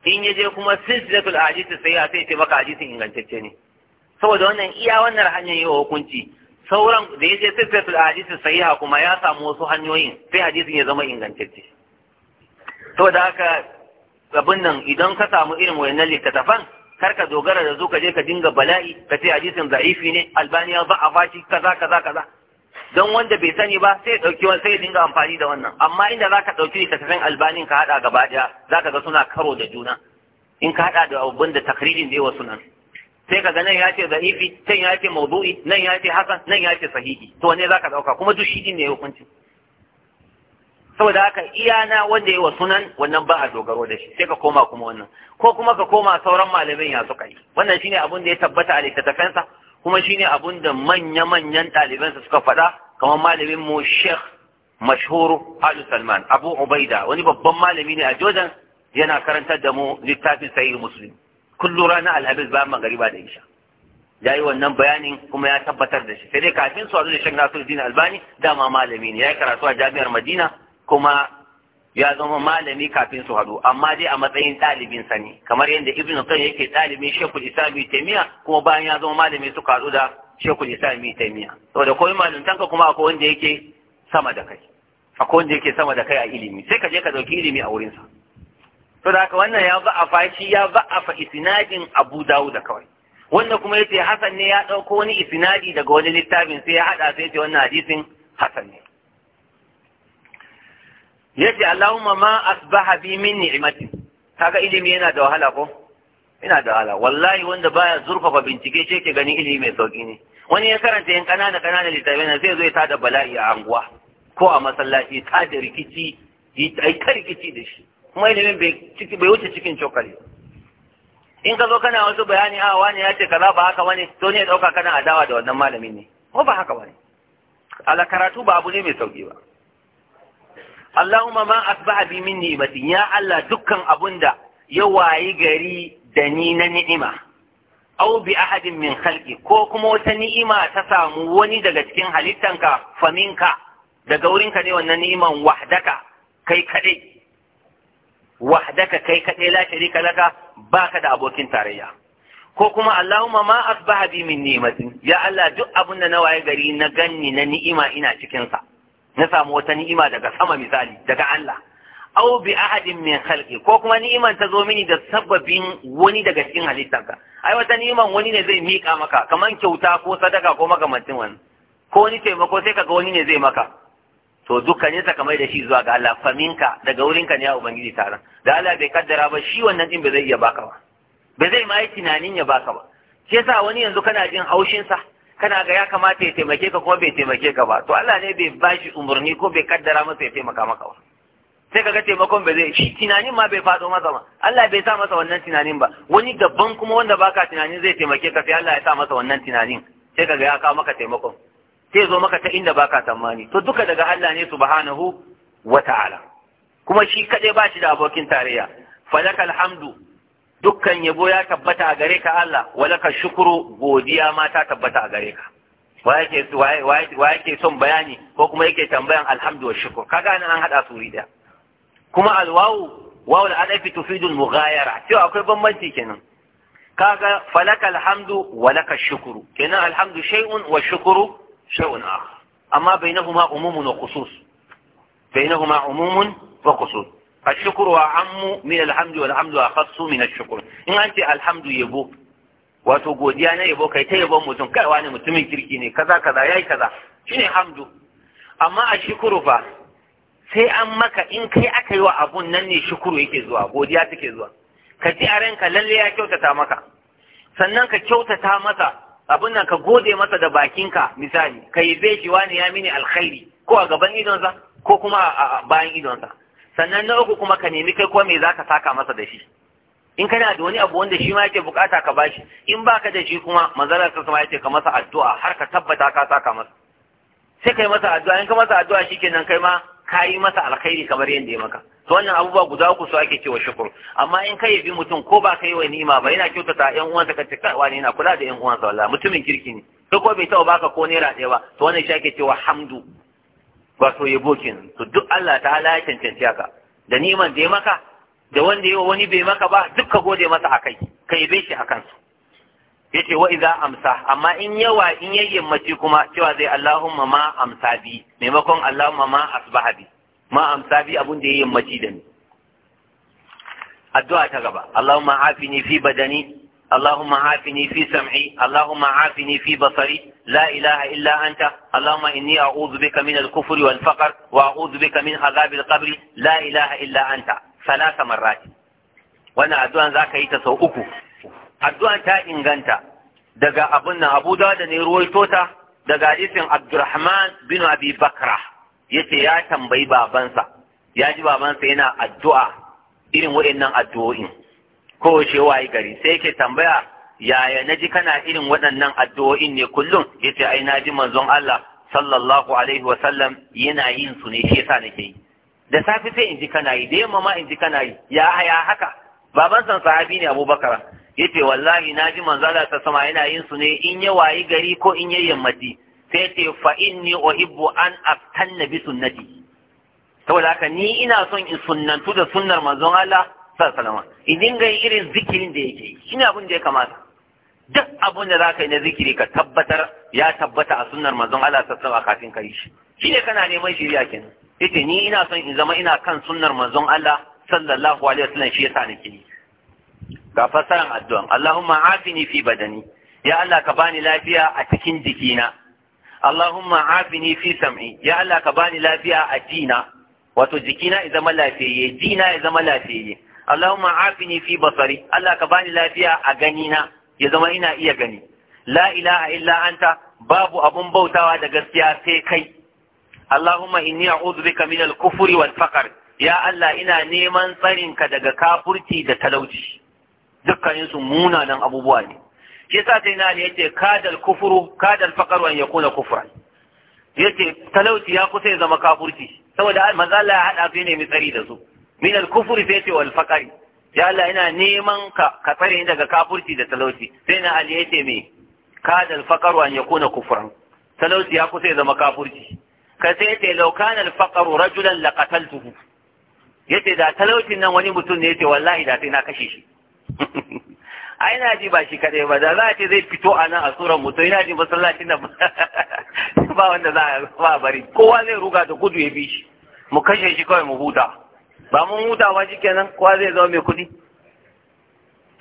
in ya je kuma silsilatul hadisi sai ya sai ce maka hadisin ingantacce ne saboda wannan iya wannan hanyar yi wa hukunci sauran da ya je silsilatul hadisi sahiha kuma ya samu wasu hanyoyin sai hadisin ya zama ingantacce to da haka abin nan idan ka samu irin wayannan littattafan kar ka dogara da zo ka je ka dinga bala'i ka ce hadisin za'ifi ne albaniya ba a fashi kaza kaza kaza don wanda bai sani ba sai dauki wani sai dinga amfani da wannan amma inda zaka dauki littattafan albanin ka hada gaba daya zaka ga suna karo da juna in ka hada da abin da takririn da yawa sunan sai ka ga nan ya ce za'ifi can ya ce maudu'i nan ya ce hasan nan ya ce sahihi to ne zaka dauka kuma duk shi ne hukuncin saboda haka na wanda ya wa sunan wannan ba a dogaro da shi sai ka koma kuma wannan ko kuma ka koma sauran malamin ya suka yi wannan shine abun da ya tabbata a littattafensa kuma shine abun da manya-manyan ɗalibansa suka faɗa kamar malamin mu Sheikh mashhuru Ali Salman Abu Ubaida wani babban malami ne a Jordan yana karantar da mu littafin Sahih Muslim kullu rana ba bayan magariba da Isha Yayi wannan bayanin kuma ya tabbatar da shi sai dai kafin su da Sheikh Nasiruddin Albani dama malami ne ya yi karatu a Jami'ar Madina kuma ya zama malami kafin su haɗu amma dai a matsayin ɗalibin sani kamar yadda ibn kan yake ɗalibin shekul islam taimiya kuma bayan ya zama malami su haɗu da shekul islam taimiya saboda koyi malintanka kuma akwai wanda yake sama da kai akwai wanda yake sama da kai a ilimi sai ka je ka ɗauki ilimi a wurinsa to da haka wannan ya ba'afa shi ya fa isnadin abu dawud kawai wanda kuma yace hasan ne ya ɗauko wani isnadi daga wani littafin sai ya haɗa sai yace wannan hadisin hasan ne yace Allahumma ma asbaha bi min ni'mati kaga ilimi yana da wahala ko Ina da wahala wallahi wanda baya zurfafa bincike ce ke gani ilimi mai sauki ne wani ya karanta yan kanana kanana littafin na sai zo ta da bala'i a anguwa ko a masallaci ta da rikici yi ta rikici da shi kuma ilimin bai wuce cikin cokali in ka zo kana wasu bayani a ah, wani ya ce kaza ba haka wani to ne ya dauka kana adawa da wannan malamin ne ko ba haka wani ala karatu ba abu ne mai sauki ba Allahumma ma asbaha bi min ni'matin ya Allah dukkan abunda ya wayi gari da ni na ni'ima aw bi ahadin min khalqi ko kuma wata ni'ima ta samu wani daga cikin halittanka faminka daga wurinka ne wannan ni'iman wahdaka kai kadai wahdaka kai kadai la sharika laka baka da abokin tarayya ko kuma Allahumma ma asbaha bi min ni'matin ya Allah duk abunda na wayi gari na ganni na ni'ima ina cikin na samu wata ni'ima daga sama misali daga Allah aw bi ahadin min khalqi ko kuma ni'iman ta zo mini da sababin wani daga cikin halittanka ai wata ni'iman wani ne zai mika maka kaman kyauta ko sadaka ko makamancin wani ko wani taimako sai kaga wani ne zai maka to dukkanin sa kamar da shi zuwa ga Allah faminka daga wurinka ne ya ubangiji taron da Allah bai kaddara ba shi wannan din ba zai iya baka ba ba zai ma yi tunanin ya baka ba shi yasa wani yanzu kana jin haushin sa kana ga ya kamata ya taimake ka ko bai taimake ka ba to Allah ne bai bashi umarni ko bai kaddara masa ya taimaka maka ba sai kaga taimakon ba zai shi tunanin ma bai fado masa ba Allah bai sa masa wannan tunanin ba wani gaban kuma wanda baka tunanin zai taimake ka sai Allah ya sa masa wannan tunanin sai kaga ya kawo maka taimakon sai zo maka ta inda baka tsammani to duka daga Allah ne subhanahu wa ta'ala kuma shi kaɗai ba shi da abokin tarayya falakal hamdu dukkan yabo ya tabbata a gare ka Allah walaka shukuru godiya ma ta tabbata a gare ka wa yake son bayani ko kuma yake tambayan alhamdu wa shukur Ka gane an hada suri da kuma alwawu wawu al'adafi tufidu mughayara cewa akwai bambanci kenan kaga falaka alhamdu walaka shukuru kenan alhamdu shay'un wa shukuru shay'un akhar amma bainahuma umumun wa khusus bainahuma umumun wa khusus الشكر أعم من الحمد والحمد أخص من الشكر إن أنت الحمد يبو wato godiya na yabo kai ta yabon mutum kai wani mutumin kirki ne kaza kaza yayi kaza shine hamdu amma a shukuru fa sai an maka in kai aka yi wa abun nan ne shukuru yake zuwa godiya take zuwa ka ji a ranka lalle ya kyautata maka sannan ka kyautata masa abin nan ka gode masa da bakinka misali ka yi shi wani ya mini alkhairi ko a gaban idonsa ko kuma a bayan idonsa sannan na uku kuma ka nemi kai ko me zaka saka masa da shi in kana da wani abu wanda shi ma yake bukata ka bashi in baka da shi kuma manzalar sa kuma yake ka masa addu'a har ka tabbata ka saka masa sai kai masa addu'a in ka masa addu'a shikenan kai ma ka yi masa alkhairi kamar yadda ya maka to wannan abubuwa guda uku su ake cewa shukur amma in ka bi mutum ko ba ka yi wa ni'ima ba yana kyautata 'yan uwansa ka ce wani yana kula da ƴan uwansa wallahi mutumin kirki ne sai ko bai taɓa baka ko naira ɗaya ba to wannan shi ake cewa hamdu wato yabo kenan to duk Allah ta ya cancanci haka da niman da ya maka da wanda ya wani bai maka ba duk ka gode masa akai ka yabe shi akan kansu. yace wa idza amsa amma in yawa in kuma cewa zai Allahumma ma amsa bi maimakon Allahumma ma asbaha bi ma amsa bi abun da yi mace da ni addu'a ta gaba Allahumma afini fi badani اللهم عافني في سمعي اللهم عافني في بصري لا إله إلا أنت اللهم إني أعوذ بك من الكفر والفقر وأعوذ بك من عذاب القبر لا إله إلا أنت ثلاث مرات وانا أدوان ذاك يتسو أكو أدوان تا إنغانتا دقا أبونا أبو دادا نيروي توتا دقا جسم عبد الرحمن بن أبي بكرة يتي يا تنبي بابانسا يا جي بابانسا هنا الدعاء إن وإنن الدعوين ko shi wayi gari sai yake tambaya yaya naji kana irin waɗannan addu'o'in ne kullum yace ai naji manzon Allah sallallahu alaihi wa sallam yana yin su ne shi yasa nake yi da safi sai in ji kana yi da yamma ma in ji kana yi ya haya haka baban san sahabi ne Abubakar yace wallahi naji manzon Allah ta sama yana yin su ne in ya wayi gari ko in ya yammaci sai ce fa inni uhibbu an aftanna bi sunnati saboda haka ni ina son in sunnantu da sunnar manzon Allah sallallahu alaihi wa sallam idin ga irin zikirin da yake yi ne abin da ya kamata duk abin da zaka yi na zikiri ka tabbatar ya tabbata a sunnar manzon Allah sallallahu alaihi kafin ka yi shi Shi shine kana neman shiriya kenan yace ni ina son in zama ina kan sunnar manzon Allah sallallahu alaihi wasallam shi yasa nake ni. ga fasaran addu'an Allahumma afini fi badani ya Allah ka bani lafiya a cikin jikina Allahumma afini fi sam'i ya Allah ka bani lafiya a jina wato jikina ya zama lafiyayye jina ya zama lafiyayye Allahumma afini fi basari Allah ka bani lafiya a gani na ya zama ina iya gani la ilaha illa anta babu abun bautawa da gaskiya sai kai Allahumma inni a'udhu bika min al-kufri wal faqr ya Allah ina neman tsarinka daga kafurci da talauci dukkanin su munanan abubuwa ne shi yasa sai na ne yace kadal kufuru kadal faqr an yakuna kufran yace talauci ya kusa ya zama kafurci saboda manzo Allah ya hada su ne mai tsari da su min al kufr sai wal faqari ya Allah ina neman ka ka tsare ni daga kafurci da talauci sai na ali yace me kada al-faqru an yakuna kufran talauci ya kusa ya zama kafurci ka sai yace law kana al-faqru rajulan laqataltuhu yace da talaucin nan wani mutum ne yace wallahi da sai na kashe shi [laughs] ai na ji ba shi kadai ba da za ce zai fito a nan a tsoron mutum ina ji masallacin nan [laughs] ba wanda za a bari kowa zai ruga da gudu ya bi shi mu kashe shi kawai mu huta ba mun hutawa kenan kowa zai zama mai kuɗi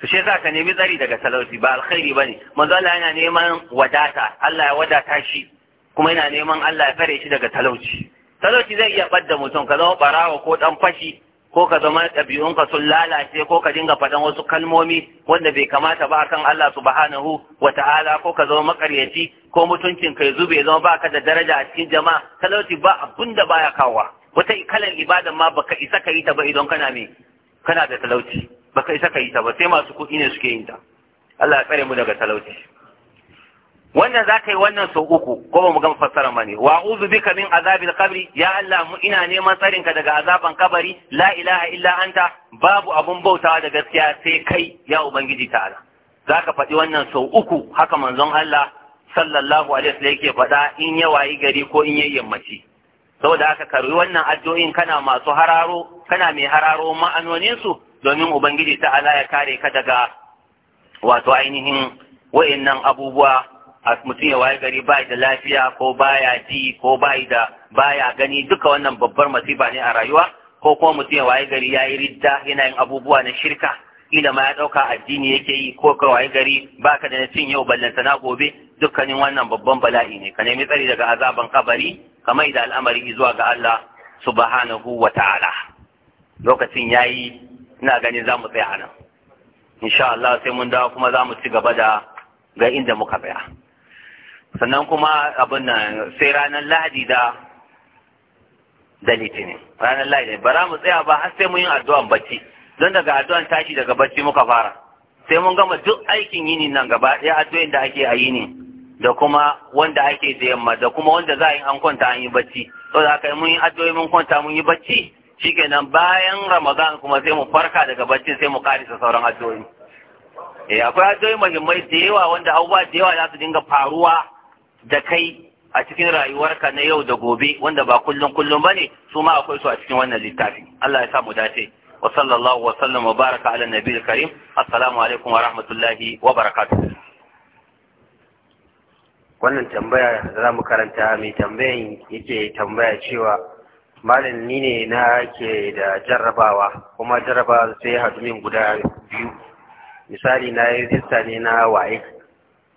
to shi yasa ka nemi tsari daga talauci ba alkhairi ba ne. manzo Allah yana neman wadata Allah ya wadata shi kuma yana neman Allah ya fare shi daga talauci talauci zai iya ɓadda mutum ka zama barawa ko ɗan fashi ko ka zama ka sun lalace ko ka dinga faɗan wasu kalmomi wanda bai kamata ba kan Allah subhanahu wa ta'ala ko ka zama makaryaci ko mutuncin kai zube zama baka da daraja a cikin jama'a talauci ba abinda baya kawowa wata kalan ibadan ma baka isa ka yi ta ba idan kana me kana da talauci baka isa ka yi ta ba sai masu kuɗi ne suke yin ta Allah ya tsare mu daga talauci wannan za ka yi wannan sau uku ko ba mu gama fassara ma ne wa uzu bika min azabil qabri ya Allah mu ina neman tsarin ka daga azaban kabari la ilaha illa anta babu abun bautawa da gaskiya sai kai ya ubangiji ta'ala za ka faɗi wannan sau uku haka manzon Allah sallallahu alaihi wasallam yake faɗa in ya wayi gari ko in yayi yammaci saboda aka karbi wannan addu'o'in kana masu hararo kana mai hararo ma'anonin su domin ubangiji ta ala ya kare ka daga wato ainihin wa'annan abubuwa a mutum ya waye gari bai da lafiya ko baya ji ko bai da baya gani duka wannan babbar masifa ne a rayuwa ko kuma mutum ya waye gari yayi ridda yana yin abubuwa na shirka Ina ma ya ɗauka addini yake yi ko ka waye gari baka da na cin yau na gobe dukkanin wannan babban bala'i ne ka nemi tsari daga azaban kabari kamar da al'amari zuwa ga Allah subhanahu wa ta'ala lokacin yayi ina ganin za mu tsaya nan insha Allah sai mun dawo kuma za mu ci gaba da ga inda muka tsaya sannan kuma abin nan sai ranar lahadi da da litinin ranar lahadi ba za mu tsaya ba har sai mun yi addu'an bacci don daga addu'an tashi daga bacci muka fara sai mun gama duk aikin yini nan gaba ɗaya addu'in da ake a yini da kuma wanda ake da yamma da kuma wanda za a yi an kwanta an yi bacci saboda haka mun yi addu'o'i mun kwanta mun yi bacci shikenan bayan ramadan kuma sai mu farka daga bacci sai mu karisa sauran addu'o'i eh akwai addu'o'i muhimmai da yawa wanda abubuwa da yawa za su dinga faruwa da kai a cikin rayuwarka na yau da gobe wanda ba kullum kullum bane su ma akwai su a cikin wannan littafi Allah ya sa mu dace wa sallallahu wa sallam wa baraka ala nabiyil karim assalamu alaikum wa rahmatullahi wa barakatuh wannan tambaya za mu karanta mai tambayan yake tambaya cewa malam ni ne na ke da jarrabawa kuma jarraba sai haɗu min guda biyu misali na yi rijista ne na waye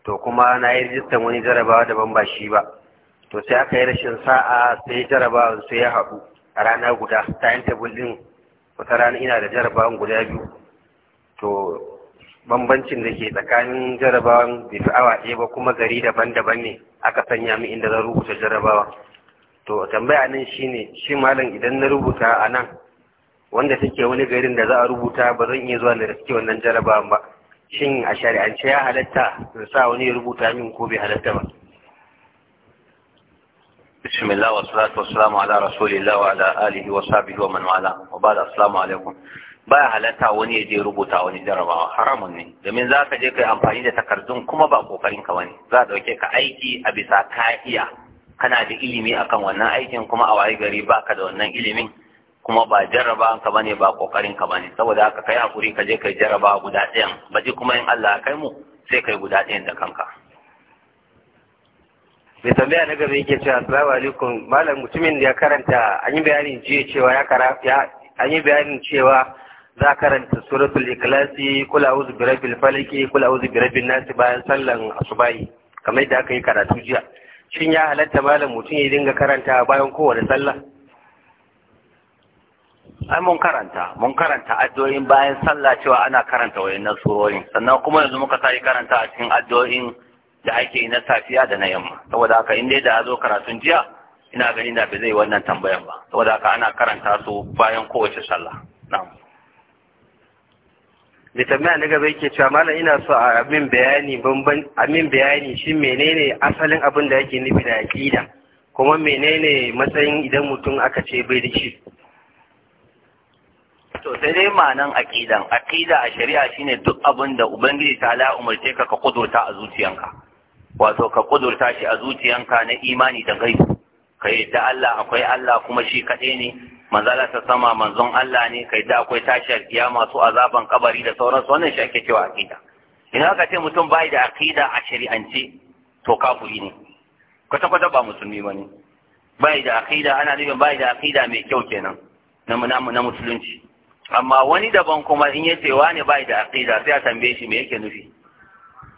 to kuma na yi rijistan wani jarrabawa daban ba shi ba to sai aka yi rashin sa'a sai jarrabawa sai ya haɗu a rana guda ta yin tabul wata rana ina da jarrabawan guda biyu to bambancin da ke tsakanin jarabawan bai fi awa ɗaya ba kuma gari daban-daban ne aka sanya min inda zan rubuta jarabawa to tambaya nan shine shi malam idan na rubuta a nan wanda take wani garin da za a rubuta ba zan iya zuwa na riske wannan jarabawan ba shin a shari'ance ya halatta in sa wani ya rubuta min ko bai halatta ba بسم الله والصلاة والسلام على رسول الله وعلى آله وصحبه ومن والاه وبعد السلام عليكم ba ya halatta wani ya je rubuta wani jarabawa haramun ne domin za ka je kai amfani da takardun kuma ba kokarin ka wani za a dauke ka aiki a bisa ka iya kana da ilimi akan wannan aikin kuma a waye gari ba ka da wannan ilimin kuma ba jaraba ka bane ba kokarin ka bane saboda haka kai hakuri ka je kai jaraba guda ɗayan ji kuma in Allah ya kai mu sai kai guda ɗayan da kanka mai tambaya na gaba yake cewa assalamu alaikum malam mutumin da ya karanta an yi bayanin jiya cewa ya an yi bayanin cewa za karanta suratul ikhlasi kul a'udhu Birabil rabbil falaq kul a'udhu Nasi nas bayan sallan asubahi kamar yadda aka yi karatu jiya shin ya halatta malam mutum ya dinga karanta bayan kowane sallah ai mun karanta mun karanta addu'o'in bayan sallah cewa ana karanta wayannan surorin sannan kuma yanzu muka sai karanta a cikin addu'o'in da ake yi na safiya da na yamma saboda haka in dai da zo karatun jiya ina gani da bai zai wannan tambayan ba saboda haka ana karanta su bayan kowace sallah na'am mai tambaya na gaba yake cewa malam ina so a min bayani bamban a bayani shi menene asalin abin da yake nufi da aqida kuma menene matsayin idan mutum aka ce bai da shi to sai dai ma'anan aqidan aqida a shari'a shine duk abin da ubangiji ta ala umarce ka ka kudurta a zuciyanka wato ka kudurta shi a zuciyanka na imani da gaisu. ka yadda Allah akwai Allah kuma shi kaɗai ne manzala ta sama manzon Allah ne kai da akwai tashar kiyama su azaban kabari da sauransu wannan shi ake cewa aqida idan aka ce mutum bai da aqida a shari'ance to kafiri ne kwata kwata ba musulmi bane bai da aqida ana nufin bai da aqida mai kyau kenan na na musulunci amma wani daban kuma in yace wani bai da aqida sai a tambaye shi me yake nufi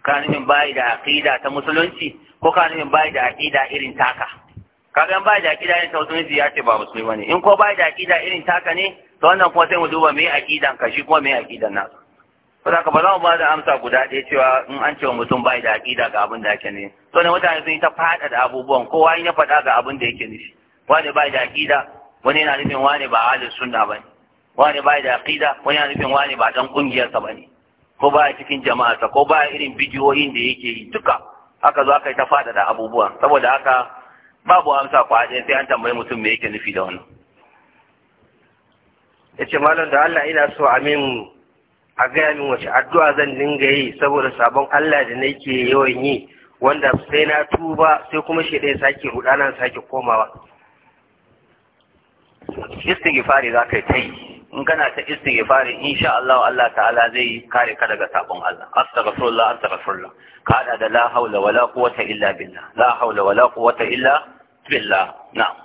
ka nufin bai da aqida ta musulunci ko ka nufin bai da aqida irin taka kaga ba da akida irin ta wasu ya ce ba musulmi bane in ko ba da akida irin taka ne to wannan kuma sai mu duba me akidan ka shi kuma me akidan na ko da ba za mu ba da amsa guda ɗaya cewa in an ce mutum ba da akida ga abin da yake ne to ne mutane sun yi ta fada da abubuwan kowa ya faɗa ga abin da yake nufi wani ba da akida wani yana nufin wani ba ahlus sunna bane wani ba da akida wani yana nufin wani ba dan kungiyar sa bane ko ba cikin jama'arsa ko ba irin bidiyoyin da yake yi duka aka zo aka yi ta fada da abubuwa saboda haka babu amsa kwa ajin sai an tambayi mutum me yake nufi da wannan ya ce malam da Allah ina so a min a gaya min wace addu'a zan dinga yi saboda sabon Allah da nake yawan yi wanda sai na tuba sai kuma shi ɗaya sake rudana sake komawa istighfari za ka yi in kana ta istighfari insha Allah Allah ta'ala zai kare ka daga sabon Allah astaghfirullah astaghfirullah ka da la haula wala quwwata illa billah la haula wala quwwata illa billah na'am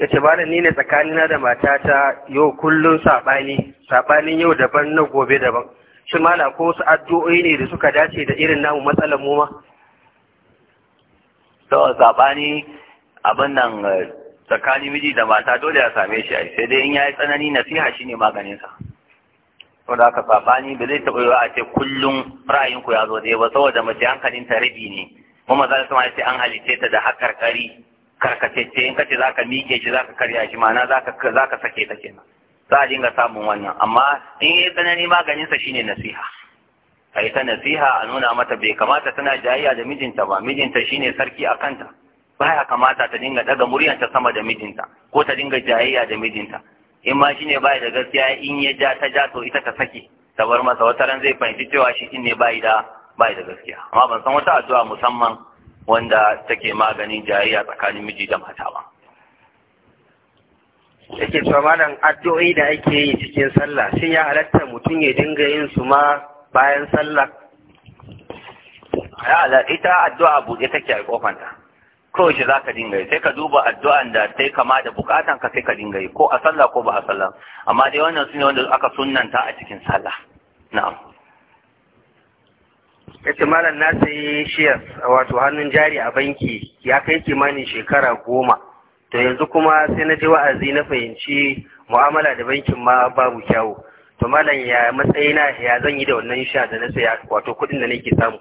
yace ce ni ne tsakanina da matata yau kullum saɓani saɓanin yau daban na gobe daban shi mala ko wasu addu'o'i ne da suka dace da irin namu matsalar mu ma to saɓani abin nan eh, tsakanin miji da mata dole ya same shi ai sai dai in yayi tsanani nasiha shine maganin sa to da aka saɓani ba zai taɓa yiwa a ce kullum ra'ayinku ya zo ɗaya ba saboda mace hankalin ta rabi ne kuma za su ce an halice ta da hakarkari karkatacce in kace zaka mike shi zaka karya shi ma'ana zaka zaka sake ta kenan za a dinga samun wannan amma in yi tsanani maganin sa shine nasiha yi ta nasiha a nuna mata bai kamata tana jayayya da mijinta ba mijinta shine sarki a kanta baya kamata ta dinga daga muryanta sama da mijinta ko ta dinga jayayya da mijinta in ma shine baya da gaskiya in ya ja ta ja to ita ta saki ta bar masa wata ran zai fahimci cewa shi ne bayi da bai da gaskiya amma ban san wata addu'a musamman wanda take maganin jayayya tsakanin miji da mata ba yake cewa malam addu'o'i da ake yi cikin sallah shin ya halatta mutum ya dinga yin su ma bayan sallah ya ita addu'a buɗe take a kofanta ko za ka dinga yi sai ka duba addu'an da sai kama da bukatan ka sai ka dinga yi ko a sallah ko ba a sallah amma dai wannan sune wanda aka sunnanta a cikin sallah na'am ce malam na sayi shares wato hannun jari a banki ya kai kimanin shekara goma to yanzu kuma sai na je wa'azi na fahimci mu'amala da bankin ma babu kyawu to malam ya matsayina ya zan yi da wannan sha da na saya wato kuɗin da nake samu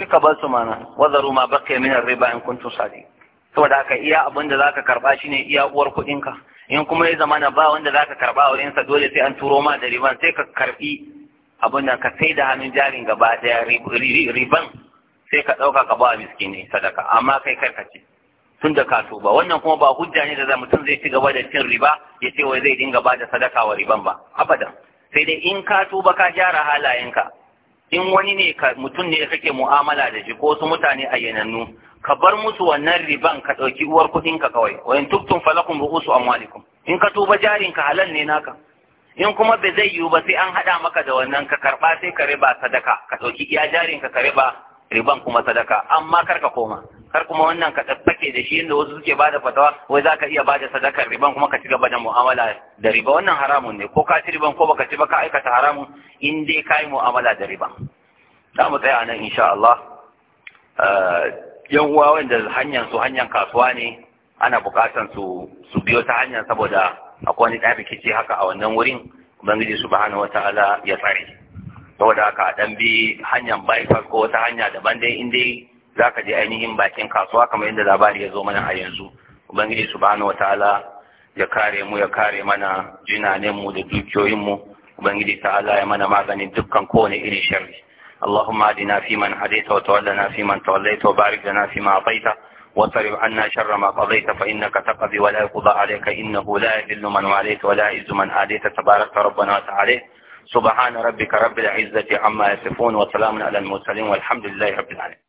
suka bar su mana wazaru ma baqiya min riba in kuntum sadi saboda haka iya abin da zaka karba shine iya uwar kuɗinka in kuma ya zamana ba wanda zaka karba a wurinsa dole sai an turo ma da riban sai ka karbi abin nan ka sai da hannun jarin gaba daya riban sai ka ɗauka ka ba miskini sadaka amma kai karkace tun da ka tuba wannan kuma ba hujja ne da za mutum zai ci gaba da cin riba ya ce wai zai dinga ba da sadaka wa riban ba abadan sai dai in ka tuba ka gyara halayenka in wani ne ka mutum ne kake mu'amala da shi ko su mutane ayyanannu ka bar musu wannan riban ka ɗauki uwar kuɗinka kawai wa in falakun falakum ru'usu amwalikum in ka tuba jarin ka halal ne naka in kuma bai zai yiwu ba sai an haɗa maka da wannan ka karɓa sai ka riba sadaka ka ɗauki iya jarin ka ka riba riban kuma sadaka amma kar ka koma kar kuma wannan ka tsaffake da shi inda wasu suke bada fatawa wai za ka iya bada sadakar riban kuma ka ci gaba da mu'amala da riba wannan haramun ne ko ka ci riban ko baka ci ba ka aikata haramun in dai ka yi mu'amala da riba za mu tsaya nan insha Allah eh, yan uwa wanda hanyar su hanyar kasuwa ne ana bukatan su su biyo ta hanyar saboda akwai wani ɗan rikici haka a wannan wurin ubangiji subhanahu wata'ala ya tsare saboda haka a ɗan bi hanyar bypass ko wata hanya daban dai in dai za ka je ainihin bakin kasuwa kamar yadda labari ya zo mana a yanzu ubangiji subhanahu wata'ala ya kare mu ya kare mana jinanen mu da dukiyoyin mu ubangiji ta'ala ya mana maganin dukkan kowane irin sharri اللهم اهدنا فيمن هديت وتولنا فيمن توليت وبارك لنا فيما اعطيت واصرف عنا شر ما قضيت فإنك تقضي ولا يقضى عليك إنه لا يذل من واليت ولا يعز من آليت تبارك ربنا وتعالى سبحان ربك رب العزة عما يصفون وسلام على المرسلين والحمد لله رب العالمين